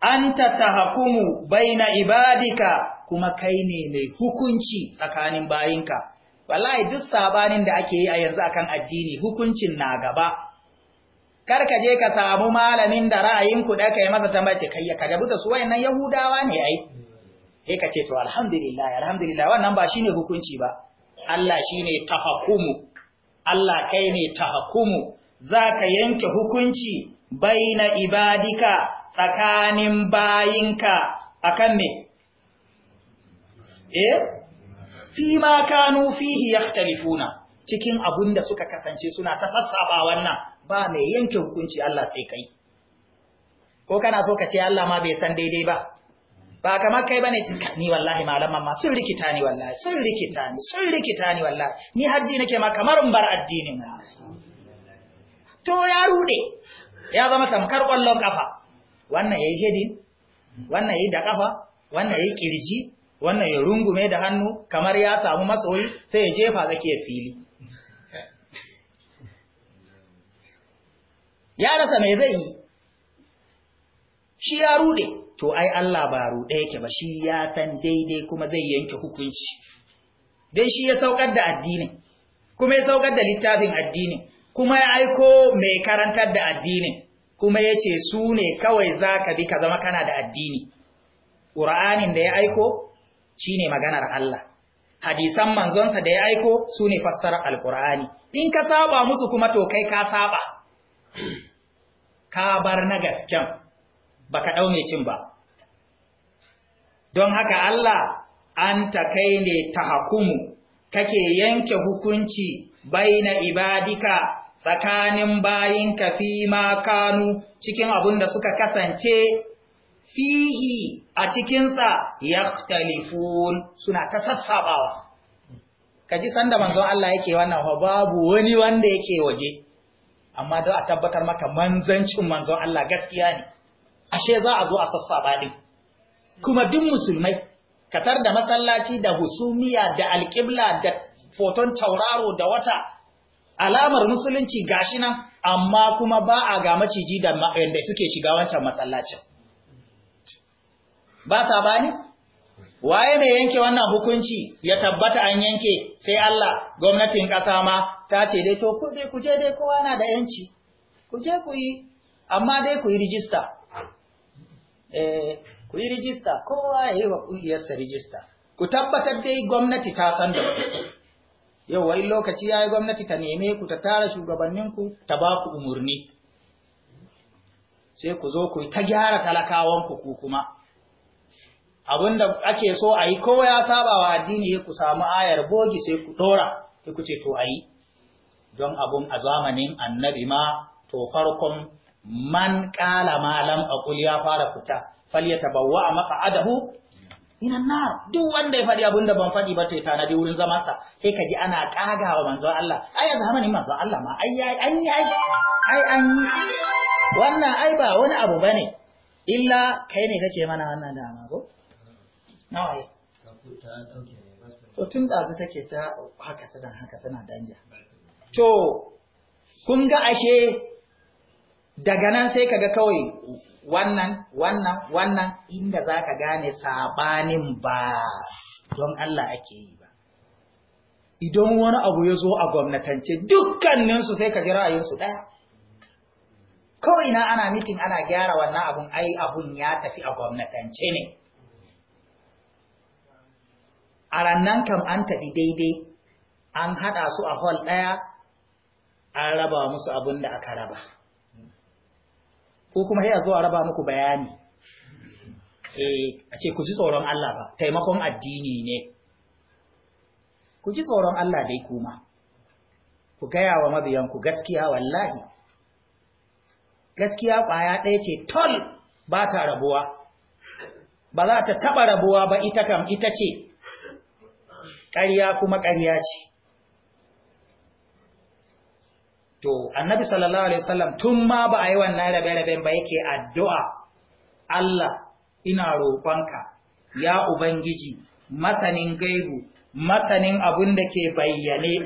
A: anta tahkumu baina ibadika kuma kai ne mai hukunci tsakanin bayinka wallahi duk sabanin da ake yi a yanzu akan addini hukuncin na gaba kar ka je ka samu malamin da ra'ayin ku da kai masa tambace mace kai ka jabuta su wayannan yahudawa ne ai sai ka ce to alhamdulillah alhamdulillah wannan ba shine hukunci ba Allah shine tahakumu Allah kai ne Za zaka yanke hukunci baina ibadika tsakanin bayinka akan me eh fi ma kanu fihi yakhtalifuna cikin abunda suka kasance suna ta sassaɓa wannan ba mai yanke hukunci Allah sai kai ko kana so ka ce Allah ma bai san daidai ba ba kamar kai bane cika ni wallahi malaman ma sun rikita ni wallahi sun rikita ni sun rikita ni wallahi ni har ji nake ma kamar in bar addinin to ya rude ya zama tamkar kwallon kafa wannan yayi hidin, wannan yayi da kafa wannan yayi kirji wannan ya rungume da hannu kamar ya samu masoyi sai ya jefa tsakiyar fili ya rasa mai zai yi shi ya rude to ai Allah ba rude yake ba shi ya san daidai kuma zai yanke hukunci dai shi ya saukar da addinin kuma ya saukar da littafin addini. kuma ya aiko mai karantar da addini. kuma yace ce su ne kawai za ka bi ka zama kana da addini ƙura'anin da ya aiko shi ne maganar Allah hadisan manzonsa da ya aiko su ne fassarar alƙura'ani in ka saba musu kuma to kai ka saba ka bar na gasken baka ka ɗaune cin ba don haka Allah an ta kai ne ta hakumu kake yanke hukunci bai na ibadika tsakanin bayinka fi ma kanu cikin abun da suka kasance fihi a cikinsa ya talifun suna ta sassabawa kaji sanda manzon Allah yake wannan babu wani wanda yake waje amma da a tabbatar maka manzancin manzon Allah gaskiya ne ashe za a zo a sassaɓa ni. kuma duk musulmai katar da masallaci da husumiya da alƙibla da foton tauraro da wata alamar musulunci gashi nan amma kuma ba a ga maciji da suke shiga wancan masallacin ba ta bani waye mai yanke wannan hukunci ya tabbata an yanke sai Allah gwamnatin ƙasa ma ta ce dai to ku dai ku dai kowa na da yanci ku je ku yi amma dai ku yi rijista eh ku yi rijista kowa ya yi wa ƙungiyarsa rijista ku tabbatar dai gwamnati ta san da yau wai lokaci ya yi gwamnati ta neme ku ta tara shugabanninku ta ba ku umarni sai ku zo ku ta gyara talakawanku ku kuma abinda ake so a yi kowa ya saba wa addini ku samu ayar bogi sai ku tora sai ku ce to ayi. don abun a zamanin annabi ma to farkon man kala malam a ya fara fita fal ya tabawwa a maka'adahu Ina nar duk wanda ya faɗi abin da ban faɗi ba to bi wurin zaman sa sai ka ji ana wa manzo Allah ai a zamanin manzo Allah ma ai an yi ai an yi wannan ai ba wani abu bane illa kai ne kake mana wannan dama ko to tun ɗazu take ta haka tana haka tana danja to kun ga ashe daga nan sai ka ga kawai wannan wannan wannan inda za ka gane sabanin ba don Allah ake yi ba idan wani abu ya zo a gwamnatance dukkaninsu sai ka ji ra'ayinsu ɗaya kawai na ana mitin ana gyara wannan abun ai abun ya tafi a gwamnatance ne a rannan kam an tafi daidai an haɗa su a hall ɗaya an raba musu abin da aka raba ko kuma sai a zo a raba muku bayani eh, a ce ku ji tsoron Allah ba taimakon addini ne ku ji tsoron Allah dai kuma ku gaya wa mabiyanku gaskiya wallahi gaskiya ƙwaya ɗaya ce tol ba ta rabuwa ba za ta taɓa rabuwa ba ita kam ita ce ƙarya kuma ƙarya ce to annabi sallallahu alaihi wasallam tun ma ba a yi wannan rabe-raben ba yake addu'a Allah ina roƙonka ya ubangiji masanin gaibu masanin abin da ke bayyane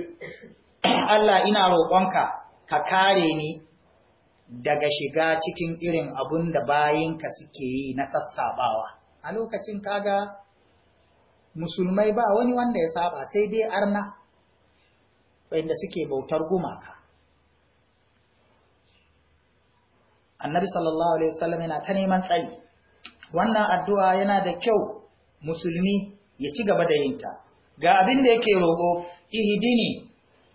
A: (clears throat) Allah ina roƙonka ka kare ni daga shiga cikin irin abun da bayinka suke yi na sassabawa a lokacin kaga musulmai ba wani wanda ya saba sai dai arna wanda suke bautar gumaka annabi sallallahu alaihi wasallam yana ta neman tsayi wannan addu'a yana da kyau musulmi ya ci gaba da yinta ga abin da yake roƙo ihdini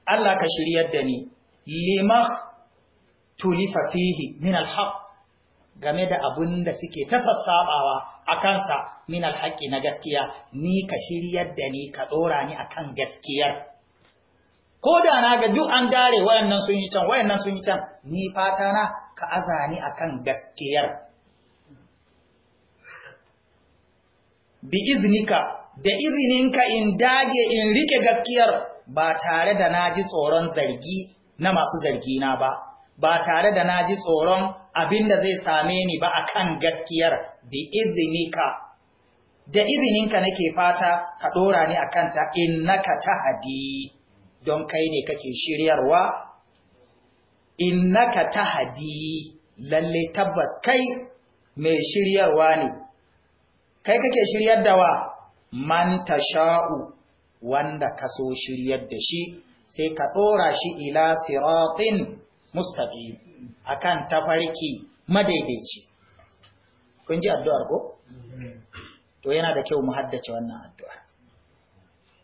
A: Allah ka shiryar da ni limah tulifa fihi min alhaq game da abin da suke ta sassabawa a kansa min alhaƙi na gaskiya ni ka shiryar da ni ka ɗora ni a kan gaskiyar ko da na ga duk an dare wayannan sun yi can wayannan sun yi can ni fata na ka aza ni a kan gaskiyar bi iznika da izininka in dage in rike gaskiyar ba tare da naji tsoron zargi na masu zargi na ba ba tare da na ji tsoron abin da zai same ni ba akan gaskiyar bi izinika da izininka nake fata ka ɗora ni akan ta innaka tahadi don kai ne kake shiryarwa innaka tahadi, lalle tabbas kai mai shiryarwa ne kai kake shiryar da wa man sha'u, wanda ka so shiryar da shi sai ka ɗora shi ila siratin mustaqim akan tafarki madaidaici kun ji addu'ar ko to yana da kyau mu haddace wannan addu'ar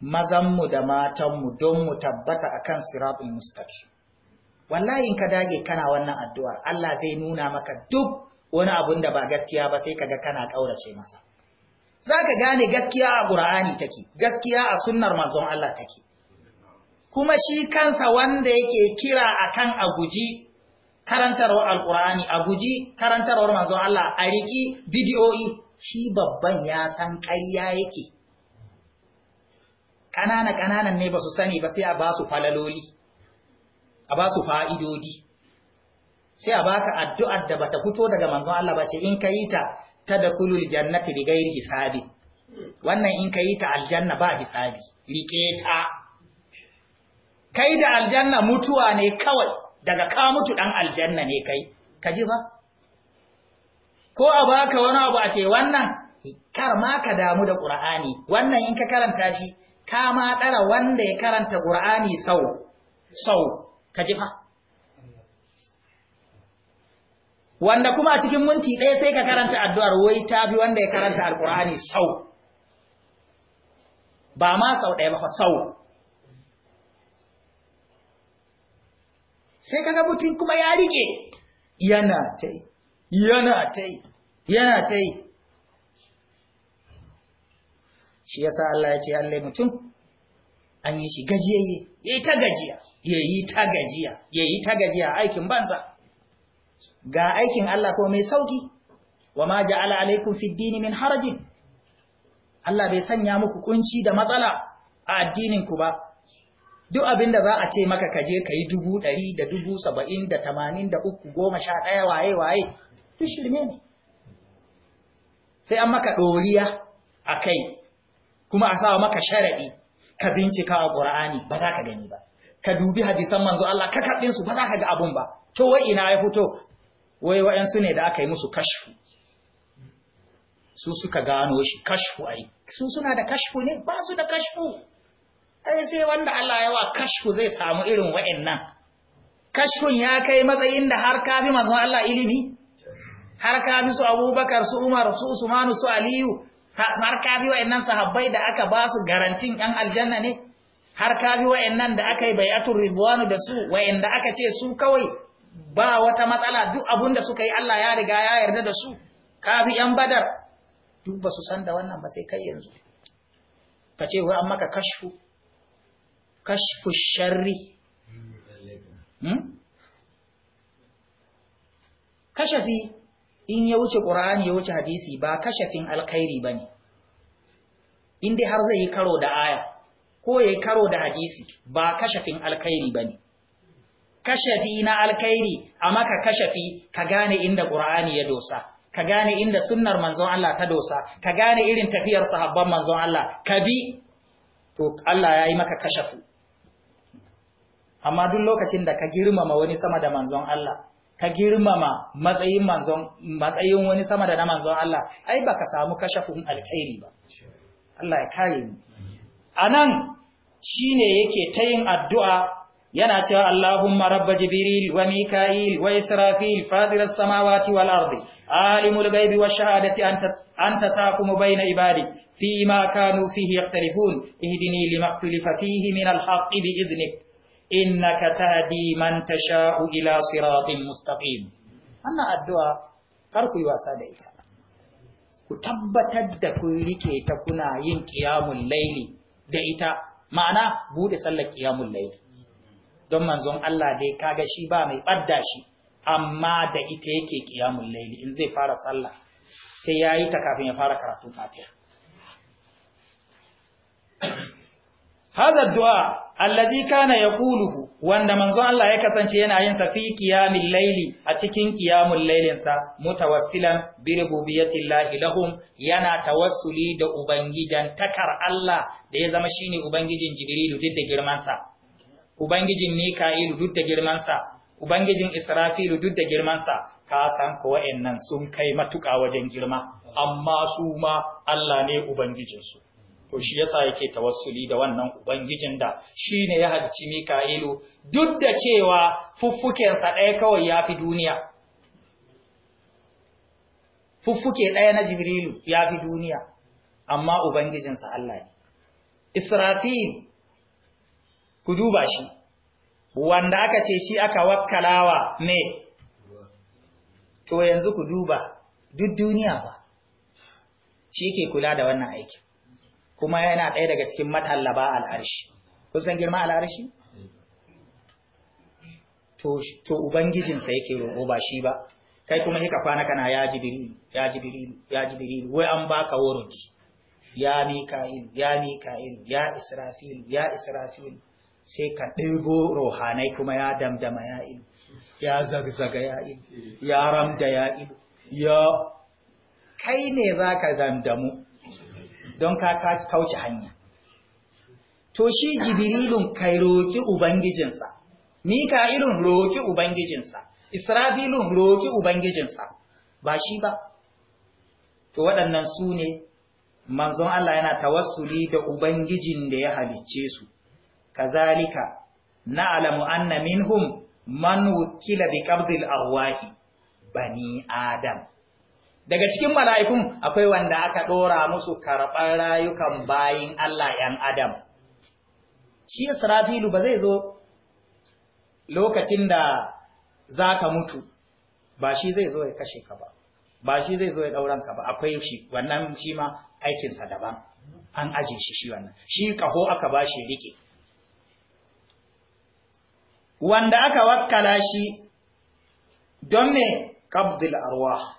A: mazanmu da matan mu don mu tabbata akan siratul mustaqim wallahi in ka dage kana wannan addu'ar Allah zai nuna maka duk wani abun da ba gaskiya ba sai kaga kana kaurace masa zaka gane gaskiya a Qur'ani take gaskiya a sunnar manzon Allah take kuma shi kansa wanda yake kira akan aguji karantarwar alkur'ani a guji karantarwar manzo Allah a riki bidiyoyi shi babban ya san ƙarya yake ƙanana ƙananan ne ba su sani ba sai a ba su falaloli a ba su fa'idodi sai a baka addu'ar da bata fito daga manzo Allah ba ce in ka yi ta da kulul jannati gairi hisabi wannan in ka yi ta aljanna ba hisabi riƙe ta kai da aljanna mutuwa ne kawai daga ka mutu dan aljanna ne kai ka ji ba ko a baka wani abu a ce wannan kar ma ka damu da qur'ani wannan in ka karanta shi ka ma dara wanda ya karanta qur'ani sau sau ka ji ba? wanda kuma a cikin minti ɗaya sai ka karanta addu'ar wai ta fi wanda ya karanta alƙur'ani sau ba ma sau ɗaya ba fa sau sai kaga mutum kuma ya rike yana ta yi yana ta yana ta shi yasa Allah ya ce Allah mutum an yi shi gajiyayye yayi ta gajiya yayi ta gajiya yayi ta gajiya aikin banza ga aikin Allah ko mai sauki wa ma ja'ala alaikum fi dini min harajin Allah bai sanya muku kunci da matsala a addinin ku ba duk abin da za a ce maka kaje ka yi dubu ɗari da dubu saba'in da tamanin da uku goma sha ɗaya waye waye duk shirme ne sai an maka ɗoriya a kai kuma a sawa maka sharaɗi ka bincika a ƙura'ani ba za ka gani ba ka dubi hadisan manzo Allah ka su ba za ka ga abun ba to wai ina ya fito wai wa'yansu ne da aka yi musu kashfu su suka gano shi kashfu ai su suna da kashfu ne ba su da kashfu ai sai wanda Allah ya wa kashfu zai samu irin wa'annan kashfun ya kai matsayin da har kafi masu Allah ilimi har kafi su Abubakar su Umar su Usmanu, su Aliyu har kafi wa'annan sahabbai da aka ba su garantin 'yan aljanna ne har kafi wa'annan da aka yi bai'atul ridwanu da su wa'anda aka ce su kawai ba wata matsala duk abun da suka yi Allah ya riga ya yarda da su kafi yan badar duk ba su san da wannan ba sai kai yanzu ka ce wai an maka kashfu kashfu sharri hmm? kashafi in ya wuce ƙura'ani ya wuce hadisi ba kashafin alkhairi ba ne in har zai yi karo da aya ko ya yi karo da hadisi ba kashafin alkhairi ba ne kashafi na alkhairi a maka kashafi ka gane inda ƙura'ani ya dosa ka gane inda sunnar manzon Allah ta dosa ka gane irin tafiyar sahabban manzon Allah ka bi to Allah ya yi maka kashafu amma duk lokacin da ka girmama wani sama da manzon Allah ka girmama matsayin manzon matsayin wani sama da na manzon Allah ai baka samu kashafin alkhairi ba Allah ya kare mu anan shine yake ta yin addu'a yana cewa Allahumma rabba jibril wa mika'il wa israfil fadir as-samawati wal ardi alimul ghaibi wa shahadati anta anta taqumu na ibadi ma kanu fihi yaktarifun ihdini lima ikhtalafa fihi min al-haqqi bi idhnik innaka tahdi man tasha'u ila siratin mustaqim wannan addu'a kar ku yi wasa da ita ku tabbatar da kun rike ta kuna yin qiyamul laili da ita ma'ana bude sallar qiyamul laili don manzon Allah dai kaga shi ba mai badda shi amma da ita yake qiyamul laili in zai fara sallah sai yayi ta kafin ya fara karatu Fatiha hada du'a alladhi kana yaquluhu wanda manzon Allah ya kasance yana yin sa fi qiyamil layli a cikin qiyamul laylin sa mutawassilan bi llahi lahum yana tawassuli da ubangijan takar Allah da ya zama shine ubangijin Jibrilu duk da girman sa ubangijin Mika'ilu duk da girman sa ubangijin Israfilu duk da girman sa ka san ko wa'annan sun kai matuƙa wajen girma amma su ma Allah ne ubangijinsu to shi yasa yake tawassuli da wannan ubangijin da shine ya halicci Mika'ilu duk da cewa fuffukensa ɗaya kawai ya fi duniya fuffuke ɗaya na Jibrilu ya fi duniya amma ubangijinsa Allah ne Israfil ku duba shi wanda aka ce shi aka wakkalawa me to yanzu ku duba duk duniya ba shi ke kula da wannan aikin kuma yana ɗaya daga cikin matallaba al'arshi kusan girma al'arshi to ubangijinsa yake roƙo ba shi ba kai kuma hika kwana kana ya jibirilu ya jibirilu ya wai an baka warudi ya mika'il ya mika'il ya israfil ya israfil sai ka ɗigo rohanai kuma ya damdama ya'il, ya zagzaga ya'il, ya ramda ya'il, ya kai ne za ka damdamu don ka kauce hanya to shi jibrilun kai roki ubangijinsa mika'ilun roki ubangijinsa Isra’ilun roki ubangijinsa ba shi ba to waɗannan su ne manzon Allah yana tawassuli da ubangijin da ya halicce su kazalika na anna minhum man wukila bi ƙabdil arwahi bani adam daga cikin mala'ikun akwai wanda aka ɗora musu karɓar rayukan bayin Allah ‘yan Adam. Shi Israfilu ba zai zo lokacin da za ka mutu, ba shi zai zo ya kashe ka ba, ba shi zai zo ya ɗauran ka ba, akwai shi wannan shi ma aikinsa daban, an aji shi shi wannan, shi ƙaho aka ba shi riƙe. Wanda aka wakkala shi don ne ƙabdil arwah.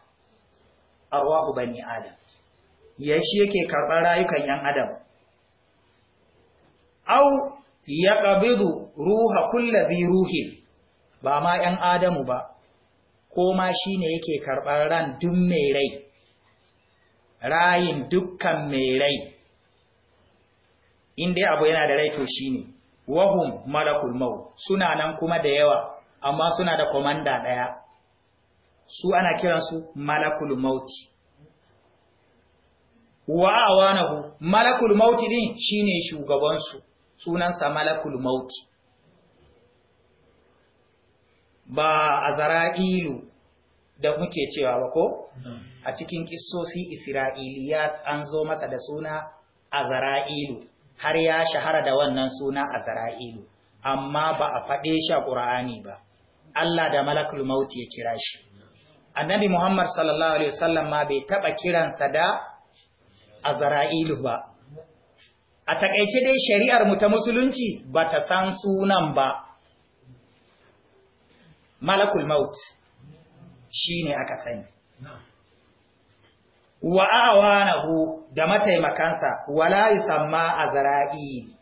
A: arwahu bani adam ya shi yake karɓar rayukan yan adam au ya ƙabidu ruha kullazi ruhin ba ma yan adamu ba ko ma shi ne yake karɓar ran duk mai rai rayin dukkan mai rai in dai abu yana da rai to shi ne wahum malakul suna nan kuma da yawa amma suna da komanda ɗaya su ana kiransu malakul mauti wa awanahu malakul mauti din shine shugabansu sunansa malakul mauti ba azra'ilu da muke cewa ba ko hmm. a cikin kissosi Isra'iliya an zo masa da suna azra'ilu har ya shahara da wannan suna azra'ilu amma ba a faɗe shi a ƙur'ani ba Allah da malakul mauti ya kira shi annabi Muhammad sallallahu Alaihi wasallam ma bai taɓa kiransa da azra'ilu ba. A taƙaice dai shari'ar mu ta musulunci ba ta san sunan ba, malakul maut shi ne aka sani. Wa hu da mataimakansa wala yusamma azra'ilu.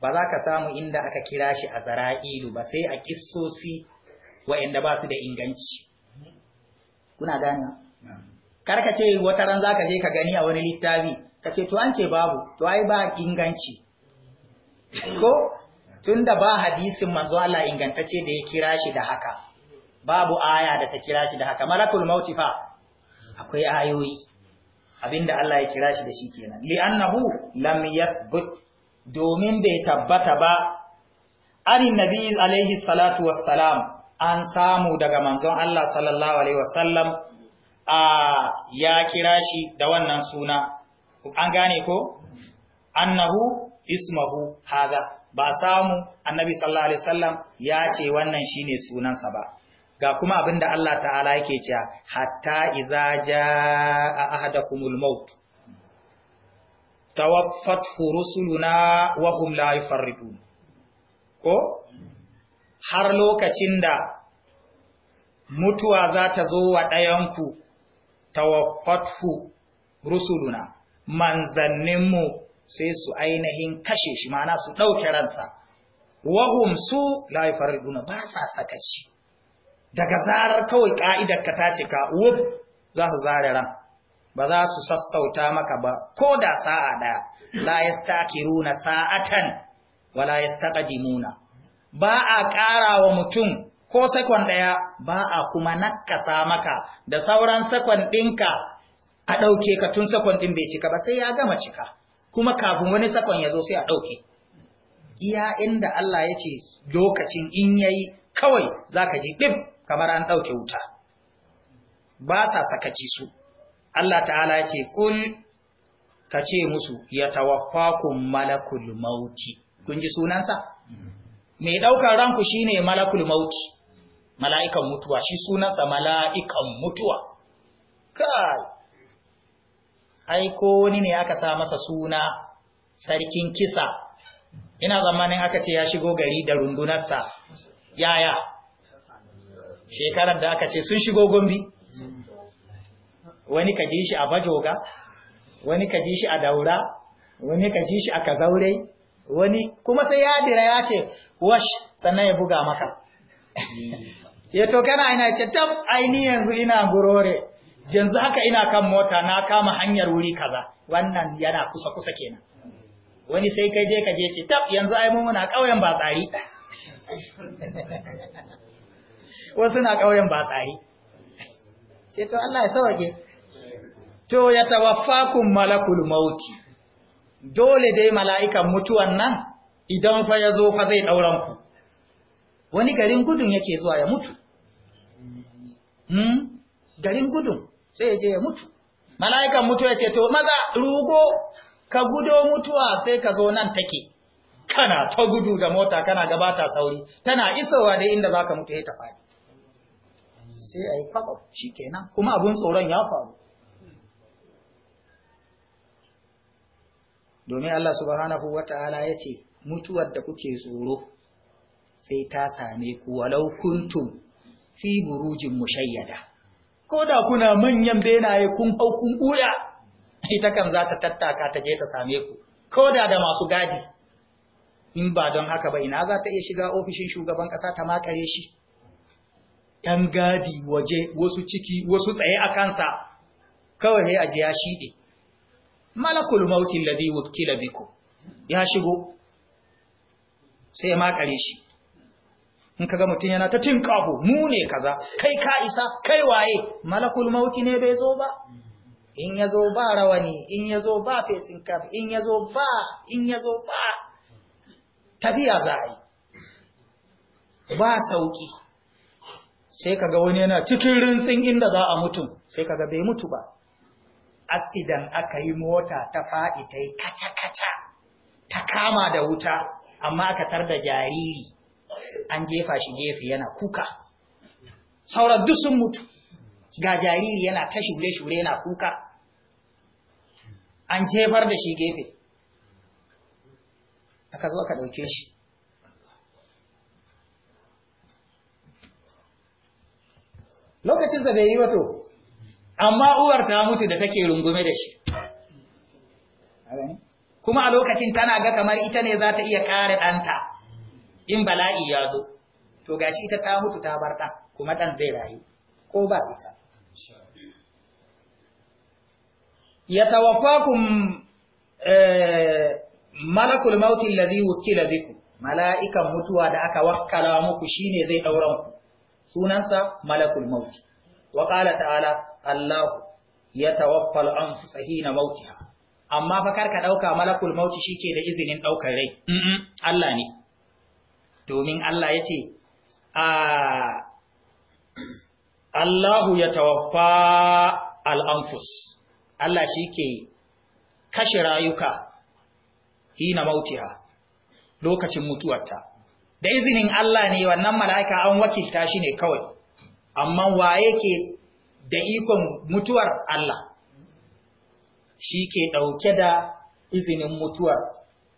A: Ba za ka samu inda aka kira shi azra'ilu ba sai a kissosi wa'anda ba su da inganci kuna gane kar ka ce wata ran ka je ka gani a wani littafi ka ce to an ce babu to ai ba inganci ko tunda ba hadisin manzo Allah ingantacce da ya kira shi da haka babu aya da ta kira shi da haka malakul mauti fa akwai ayoyi abinda Allah ya kira shi da shi kenan li'annahu lam yathbut domin bai tabbata ba anin nabi alaihi salatu wassalam an samu daga manzon Allah sallallahu alaihi wasallam a ya kira shi da wannan suna an gane ko annahu ismahu hadha ba samu annabi sallallahu alaihi wasallam ya ce wannan shine sunansa ba ga kuma abinda Allah ta'ala yake cewa hatta idza jaa ahadakumul maut tawaffat rusuluna wa hum la ko har lokacin da mutuwa za ta zo wa ɗayanku wafatu rusuluna manzanninmu sai su ainihin kashe shi mana su ɗauke ransa wahum su laifar duna ba sa sakaci daga zarar kawai ka'idar ka ta cika wuf za su zare ran ba za su sassauta maka ba ko da sa'a ɗaya la yastakiruna sa'atan wala yastaqdimuna ba a ƙara wa mutum ko sakon ɗaya ba a kuma nakasa maka da sauran sakon ɗinka a ɗauke ka tun sakon ɗin bai cika ba sai ya gama cika kuma kafin wani sakon ya zo sai a ɗauke iya inda Allah ya ce lokacin in ya yi kawai za ka ji ɗin kamar an ɗauke wuta ba sa sakaci su Allah ta'ala ya ce kul ka ce musu ya tawaffa kun malakul mauti kun ji sunansa mai ɗaukar ranku shine malakul mauti mala'ikan mutuwa shi sunansa mala'ikan mutuwa kai aiko wani ne aka sa masa suna sarkin kisa ina zamanin aka ce ya shigo gari da rundunarsa yaya shekarar da aka ce sun shigo gombi wani ka ji shi a bajoga wani ka ji shi a daura wani ka ji shi a kazaurai wani kuma sai ya dira ya ce wash sannan ya buga maka (laughs) ya to kana ina ce tab aini yanzu ina gurore yanzu haka ina kan mota na kama hanyar wuri kaza wannan yana kusa kusa kenan wani sai kai je ka je ce tab yanzu ai mun muna kauyen ba tsari (laughs) wasu na kauyen ba tsari ce (laughs) to Allah ya sauke to ya tawaffakum malakul mauti dole dai mala'ikan mutuwan nan idan fa ya zo fa zai ɗauranku wani garin gudun yake zuwa ya mutu hmm? garin gudun sai je ya mutu mala'ikan mutuwa ce to maza rugo ka gudo mutuwa sai ka zo nan take kana ta gudu da mota kana gabata sauri tana isowa dai inda za ka mutu ya tafaɗi sai a yi shi kenan kuma abin tsoron ya faru domin Allah subhanahu wata'ala ya ce mutuwar da kuke tsoro sai ta same ku walau kuntum fi burujin mushayyada ko da kuna manyan benaye kun hau kun ita kan za ta tattaka ta je ta same ku ko da da masu gadi in ba don haka ba ina za ta iya shiga ofishin shugaban kasa ta makare shi ɗan gadi waje wasu ciki wasu tsaye a kansa kawai sai ajiya ya shiɗe malakul mautin ladhi wukila biku ya shigo sai ya makare shi in kaga mutun yana ta tinkaho mu ne kaza kai ka isa kai waye malakul mauti ne bai zo ba in ya zo ba rawani in ya zo ba facing cap in zo ba in ya zo ba tafiya za a ba sauki sai kaga wani yana cikin rintsin inda za a mutu sai kaga bai mutu ba idan aka yi mota ta fa’i ta yi kaca-kaca ta kama da wuta amma aka tar da jariri an jefa shi gefe yana kuka saurar duk sun mutu ga jariri yana ta shure-shure yana kuka an jefar da shi gefe aka zo aka ɗauke shi lokacin da bai yi wato amma uwar ta mutu da take rungume da shi kuma a lokacin tana ga kamar ita ne za ta iya kare ɗanta in bala'i ya zo to gashi ita ta mutu ta bar ɗan kuma ɗan zai rayu ko ba ita ya tawafakun eh, malakul mautin biku mala'ikan mutuwa da aka wakkala muku shine zai ku. sunansa malakul mauti wa ta'ala Allah ya tawaffa tawaffal an hina mautiha amma fa karka dauka malakul mauti shike da izinin daukar rai Allah ne domin Allah yace a Allah ya tawaffa al-anfus Allah shike kashe rayuka hina mautiha lokacin mutuwarta da izinin Allah ne wannan mala'ika an wakilta shi ne kawai amma waye ke da ikon mutuwar Allah shi ke ɗauke da izinin mutuwar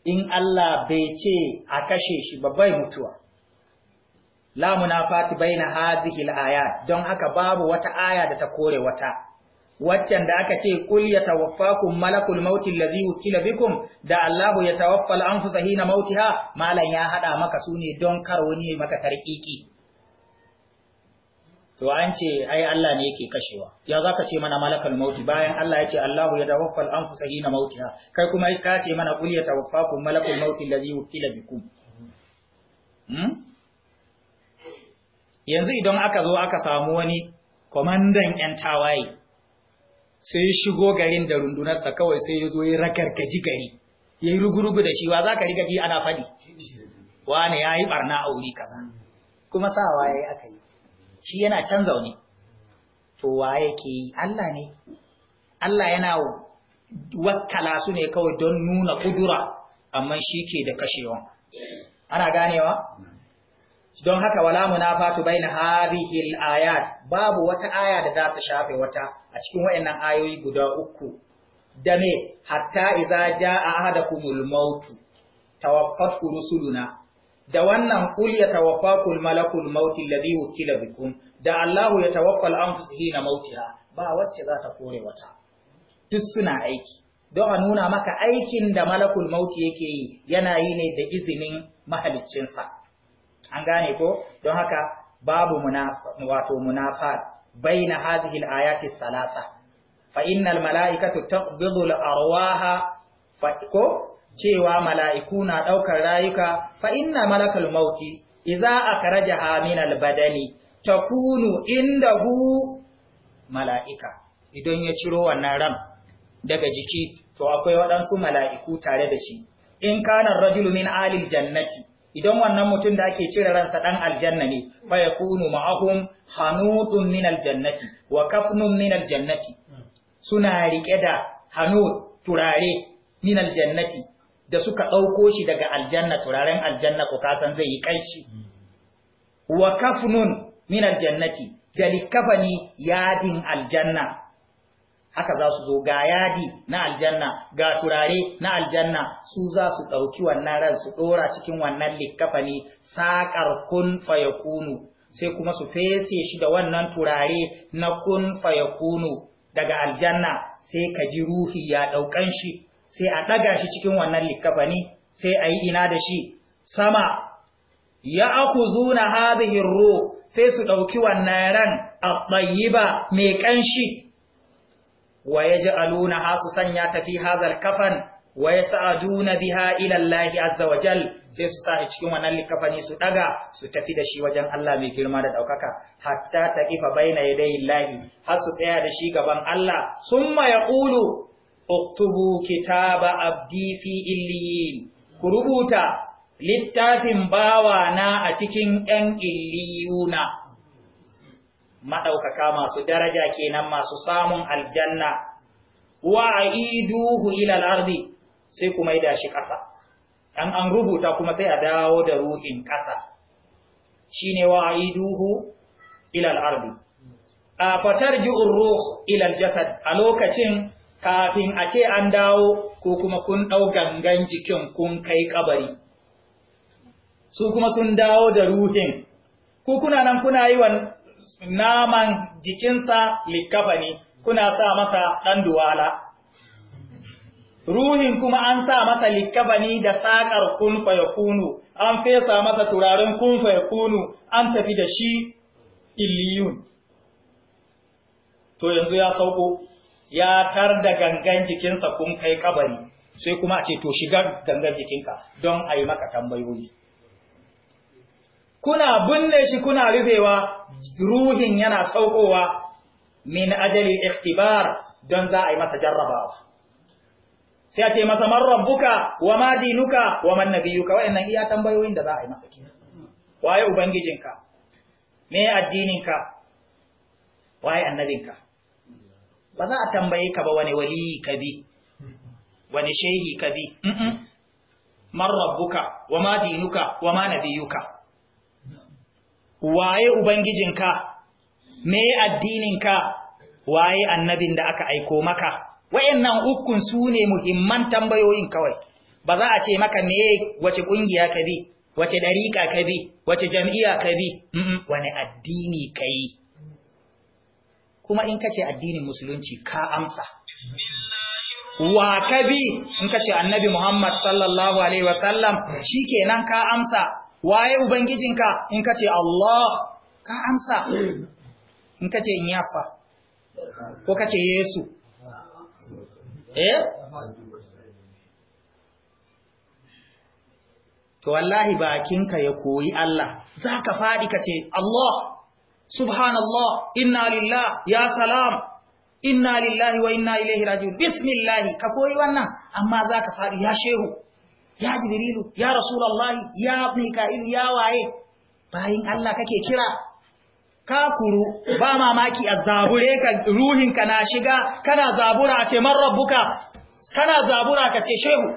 A: in Allah bai ce a kashe shi ba bai mutuwa la munafati baina hadhihi al-ayat don haka babu wata aya da ta kore wata waccan da aka ce kul yatawaffakum malakul maut allazi wukila bikum da Allahu ya al-anfusa hina mautiha malan ya hada maka sune don kar wani maka tarkiki to an ce ai Allah ne yake kashewa ya zaka ce mana malakal mauti bayan Allah ya ce Allahu ya tawaffal anfusa hina mautiha kai kuma ka ce mana qul ya tawaffakum malakul mauti allazi wukila bikum hmm? yanzu idan aka zo aka samu wani komandan yan tawaye sai ya shigo garin da rundunarsa kawai sai ya zo ya rakarkaji gari ya yi rugurugu da shi wa za ka riga ji ana faɗi wane ya yi ɓarna a wuri kaza kuma sawa ya aka yi shi yana can zaune to wa yake yi Allah ne Allah yana wakkala su ne kawai don nuna kudura amma shi ke da kashewa. ana ganewa don haka wala munafatu baina hadhihi alayat babu wata aya da za ta shafe wata a cikin wayannan ayoyi guda uku dame hatta idza jaa ahadakumul maut tawaffatu rusuluna da wannan ya yatawaffakum malakul maut alladhi wukila bikum da Allahu yatawaffal anfus hina mautiha ba wacce za ta kore wata duk suna aiki don a nuna maka aikin da malakul mauti yake yi yana yi ne da izinin mahaliccinsa an gane ko don haka babu munafa wato munafat baina hadhihi al-ayati salasa fa innal malaikatu taqbidu al-arwaha fa ko cewa mala'iku na ɗaukar rayuka fa inna malakal mauti iza rage aminal kunu inda hu mala'ika idan ya ciro wannan ram daga jiki to akwai waɗansu mala'iku tare da shi in kanar rajulumin min alil jannati idan wannan mutum da ake cire ransa ɗan aljanna ne fa kunu ma’ahun hanutun min aljannati wa kafnun min aljannati suna riƙe da hannu turare min aljannati da suka ɗauko shi daga aljanna turaren aljanna ko kasan zai yi ƙanshi wa kafnun min aljannati da likafani yadin aljanna haka za su zo ga yadi na aljanna ga turare na aljanna su za su ɗauki wannan ran su ɗora cikin wannan likafani saƙar kun kunu, sai kuma su fese shi da wannan turare na kun kunu daga aljanna sai ka ji ruhi ya ɗaukan shi sai a ɗaga shi cikin wannan ne sai a yi ina da shi sama ya aku zuna hazihin ro sai su ɗauki wannan ran a ba mai ƙanshi wa ya ji aluna ha su sanya tafi hazar kafan wa ya sa'aduna biha ilallahi azza wa jal sai su sa cikin wannan ne su ɗaga su tafi da shi wajen Allah mai girma da ɗaukaka hatta ta ƙifa baina ya dai lahi har su tsaya da shi gaban Allah sun ma ƙulu uktubu kitaba abdi fi ku rubuta littafin bawa na a cikin ‘yan illiyuna, maɗaukaka masu daraja kenan masu samun aljanna, wa a iduhu ilal ardi sai kuma yi shi ƙasa, ɗan an rubuta kuma sai a dawo da ruhin ƙasa, shi ne wa a iduhu ilal ardi. A fatar ji'un ruh ilal jasad a lokacin kafin a ce an dawo ko kuma kun ɗau gangan jikin kun kai kabari su kuma sun dawo da ruhin ku kuna nan kuna yi wa naman jikinsa likafani kuna sa masa ɗan duwala ruhin kuma an sa masa ne da saƙar kun faya kunu, an fesa masa turaren kun faya kunu, an tafi da shi iliyun. To yanzu ya sauko, ya tar da gangan jikinsa kun kai kabari sai kuma a ce to shiga gangan jikinka don a yi maka tambayoyi kuna binne shi kuna rufewa ruhin yana saukowa min ajali ikhtibar don za a yi masa jarrabawa sai a ce masa marar buka wa ma dinuka wa man nabiyuka iya tambayoyin da za a yi masa kina waye ubangijinka me addininka waye annabinka ba za a tambaye ka ba wani waliyi ka bi wani shehi ka bi man wa ma dinuka wa ma nabiyuka waye ubangijinka me addininka waye annabin da aka aiko maka wayannan ukun su ne muhimman tambayoyin kawai ba za a ce maka me wace kungiya ka bi wace dariƙa ka bi wace jam'iyya ka bi wani addini ka yi kuma in kace addinin musulunci ka amsa wa kabi in kace annabi Muhammad sallallahu alaihi wasallam shikenan ka amsa waye ubangijinka in kace Allah ka amsa in kace inyafa ko kace Yesu eh to wallahi bakinka ya koyi Allah zaka fadi kace Allah subhanallah inna lillah ya salam inna lillahi wa inna ilaihi raji'un bismillah ka koyi wannan amma zaka fadi ya shehu ya jibrilu ya rasulullahi ya mika'il ya waye bayin Allah kake kira ka kuru ba mamaki a zabure ka ruhinka na shiga kana zabura a ce marrabbuka kana zabura ka ce shehu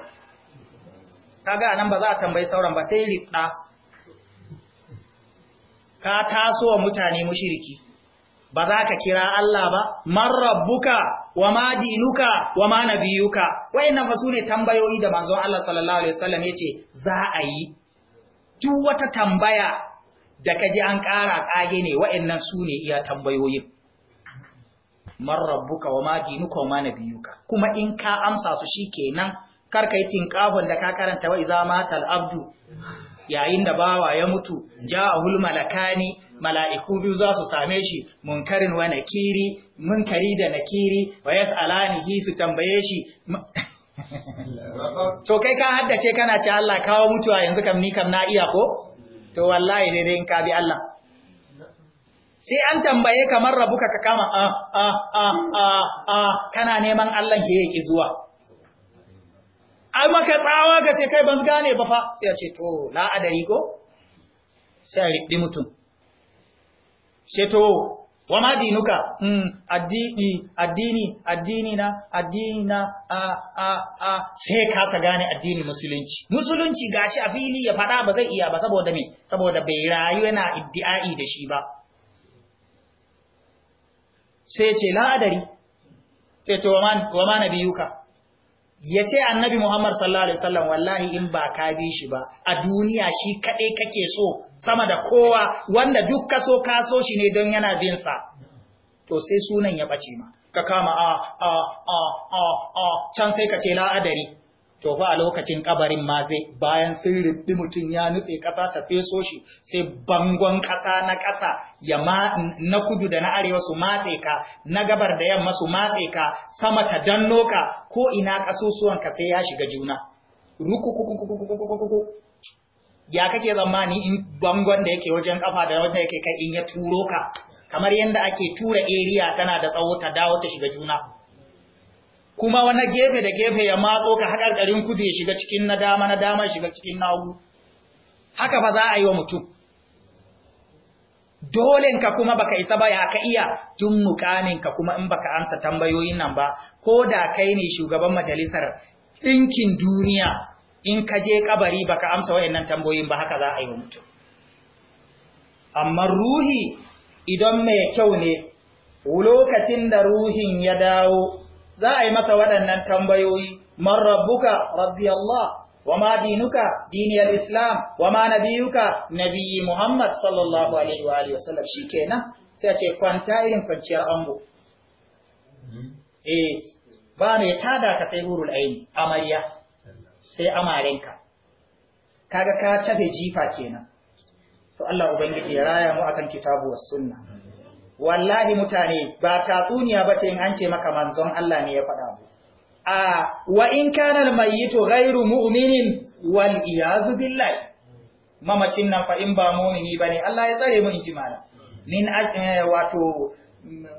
A: kaga nan ba za a tambayi sauran ba sai rifda ka taso wa mutane mushiriki ba za ka kira Allah ba man rabbuka wa ma dinuka wa ma nabiyuka wayannan fa sune tambayoyi da manzon Allah sallallahu alaihi wasallam yace za a yi duk wata tambaya da kaji an ƙara kage ne wayannan sune iya tambayoyin man rabbuka wa ma dinuka wa ma nabiyuka kuma in ka amsa su shikenan kar kai tinkafin da ka karanta wa idza matal abdu yayin da bawa ya mutu ja a malakani mala'iku biyu za su same shi munkarin wa nakiri munkari da nakiri wa yas'alanihi su tambaye shi (laughs) to kai ka haddace kana ce Allah kawo mutuwa yanzu kam ni kam na iya ko to wallahi dai dai in ka bi Allah sai an tambaye kamar rabuka ka kama a ah, a ah, a ah, a kana neman Allah ke yake zuwa ai maka tsawa ga ce kai ban gane ba fa sai ya ce to la adari ko sai ribdi mutum sai to wa ma dinuka mm addini addini addini na addini na a a a sai ka sa gane addini musulunci musulunci gashi a fili ya fada ba zai iya ba saboda me saboda bai rayu yana iddiai da shi ba sai ce la adari sai to wa ma nabiyuka ya ce annabi Muhammad sallallahu Alaihi wasallam wallahi in ba ka bi shi ba a duniya shi kaɗai kake so sama da kowa wanda duk ka so ka so shi ne don yana binsa to sai sunan ya ɓace ma ka kama a a a a a can sai ka ce la'adari to fa a lokacin kabarin ma zai bayan sun ribbi mutum ya nutse ƙasa ta feso shi sai bangon ƙasa na ƙasa ya ma na kudu da na arewa su matse ka na gabar da yamma su matse ka sama ta danno ka ko ina kasusuwan ka sai ya shiga juna rukukukukukukukukuku ya kake zamani in bangon da yake wajen kafa da wanda yake kai in ya turo ka kamar yadda ake tura area tana da tsawo ta dawo ta shiga juna kuma wani gefe da gefe ya matso ka haƙarƙarin kudu ya shiga cikin na dama na dama shiga cikin nagu haka fa za a yi wa mutum dolenka kuma baka isa ba ya ka iya tun mukaminka kuma in baka amsa tambayoyin nan ba ko da kai ne shugaban majalisar ɗinkin duniya in ka je kabari baka amsa wayannan tambayoyin ba haka za a yi wa mutum amma ruhi idan mai kyau ne lokacin da ruhin ya dawo za a yi masa waɗannan tambayoyi man rabbuka rabbi Allah wa ma dinuka diniyar islam wa ma nabiyuka nabiyyi muhammad sallallahu alaihi wa alihi wasallam kenan, sai a ce kwanta irin kwanciyar ango eh ba mai tada ka sai hurul aini amarya sai amarenka kaga ka cafe jifa kenan to Allah ubangiji ya raya mu akan kitabu wa sunna wallahi mutane ba tatsuniya ba ta yin an ce maka manzon Allah ne ya faɗa mu a wa in kana to ghairu mu'minin wal iyazu billahi mamacin nan fa in ba mu'mini bane Allah ya tsare mu injimala min eh, wato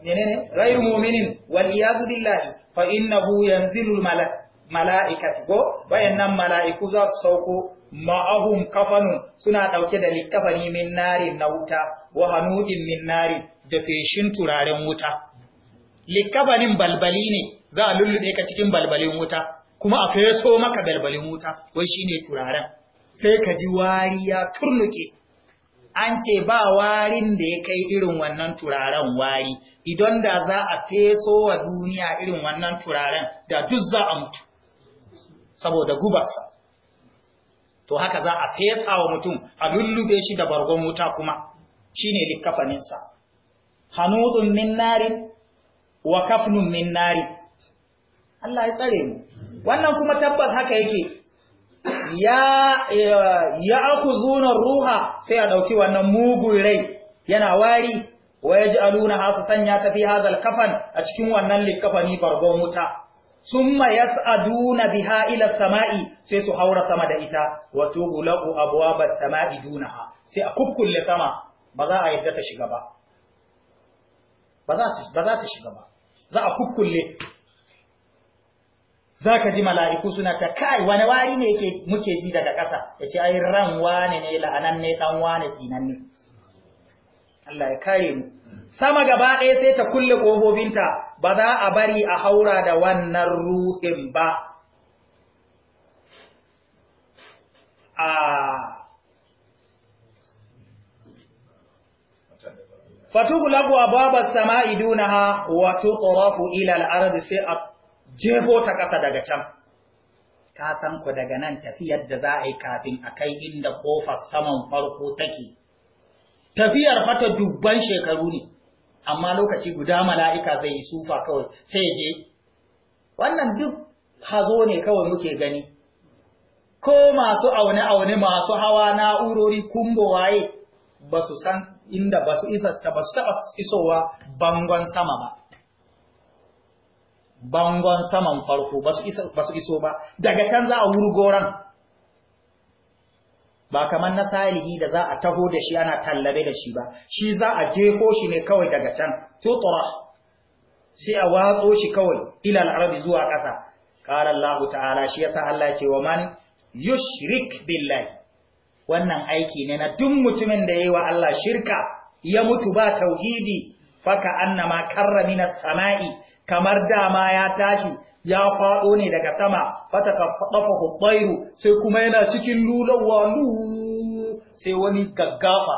A: menene ghairu mu'minin wal iyazu billahi fa innahu yanzilu malak mala'ikati ko wayannan mala'iku za su sauko ma'ahum kafanun suna ɗauke da likafani min nari na wuta wa hanudin min nari da feshin turaren wuta likabanin balbali ne za a lullu ka cikin balbalin wuta kuma a feso maka balbalin wuta wai shine turaren sai ka ji wari ya turnuke an ce ba warin da ya kai irin wannan turaren wari idan da za a feso wa duniya irin wannan turaren da duk za a mutu saboda gubarsa to haka za a fesa wa mutum a lullube shi da bargon wuta kuma Shi ne likafaninsa hanudun min nari wa kafnun min nari Allah ya tsare mu wannan kuma tabbas haka yake ya ya akuzuna ruha sai a dauki wannan mugun rai yana wari wa yaj'aluna hasu sanya ta fi hadal kafan a cikin wannan likafani bargon wuta summa yas'aduna biha ila sama'i sai su haura sama da ita wato gulaqu abwabat sama'i dunaha sai a kukkulle sama ba za a yadda ta shiga ba ba za ta shiga ba za a kukkulle za ka ji mala'iku suna ta kai wani wari ne yake muke ji daga ƙasa ya ce ai ran wane ne la'anan ne ɗan wane ne Allah ya kare mu sama gaba ɗaya sai ta kulle ƙofofinta ba za a bari a haura da wannan ruhin ba a ah. fatughlaqu ababas sama'i dunaha wa tutrafu ila al sai a jefo ta kasa daga can ka san ku daga nan tafiyar da za a yi kafin a kai inda ƙofar saman farko take tafiyar fata dubban shekaru ne amma lokaci guda mala'ika zai yi sufa kawai sai je wannan duk hazo ne kawai muke gani ko masu aune-aune masu hawa na'urori kumbo waye ba su san inda ba su isa ba su taɓa isowa bangon sama ba bangon saman farko ba su iso ba daga can za a wuri goron. ba kamar na salihi da za a taho da shi ana tallabe da shi ba shi za a jeho shi ne kawai daga can tutura sai a watso shi kawai ilal arabi zuwa ƙasa ƙarar Allah ta'ala shi ya sa Allah ce wa man yushrik billahi wannan aiki ne na duk mutumin da ya yi wa Allah shirka ya mutu ba tauhidi faka annama karra na sama'i kamar dama ya tashi ya faɗo ne daga sama fata kafafa hubairu sai kuma yana cikin lulawa lu sai wani gaggafa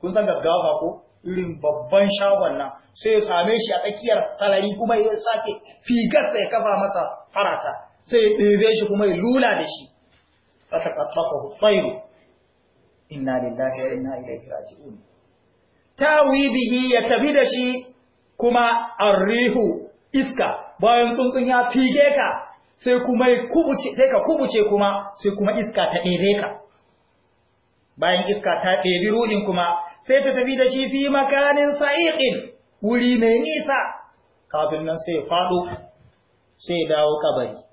A: kun san gaggafa ko irin babban shagon nan sai ya same shi a tsakiyar sarari kuma ya sake figarsa ya kafa masa farata sai ya ɗebe shi kuma ya lula da shi fataqattahu at-tayr inna lillahi wa inna ilaihi raji'un tawi bihi ya tafi da shi kuma arihu iska bayan tsuntsun ya fige ka sai kuma sai ka kubuce kuma sai kuma iska ta ɗebe ka bayan iska ta ɗebi ruɗin kuma sai ta tafi da shi fi makanin sa'iqin wuri mai nisa kafin nan sai ya faɗo sai ya dawo kabari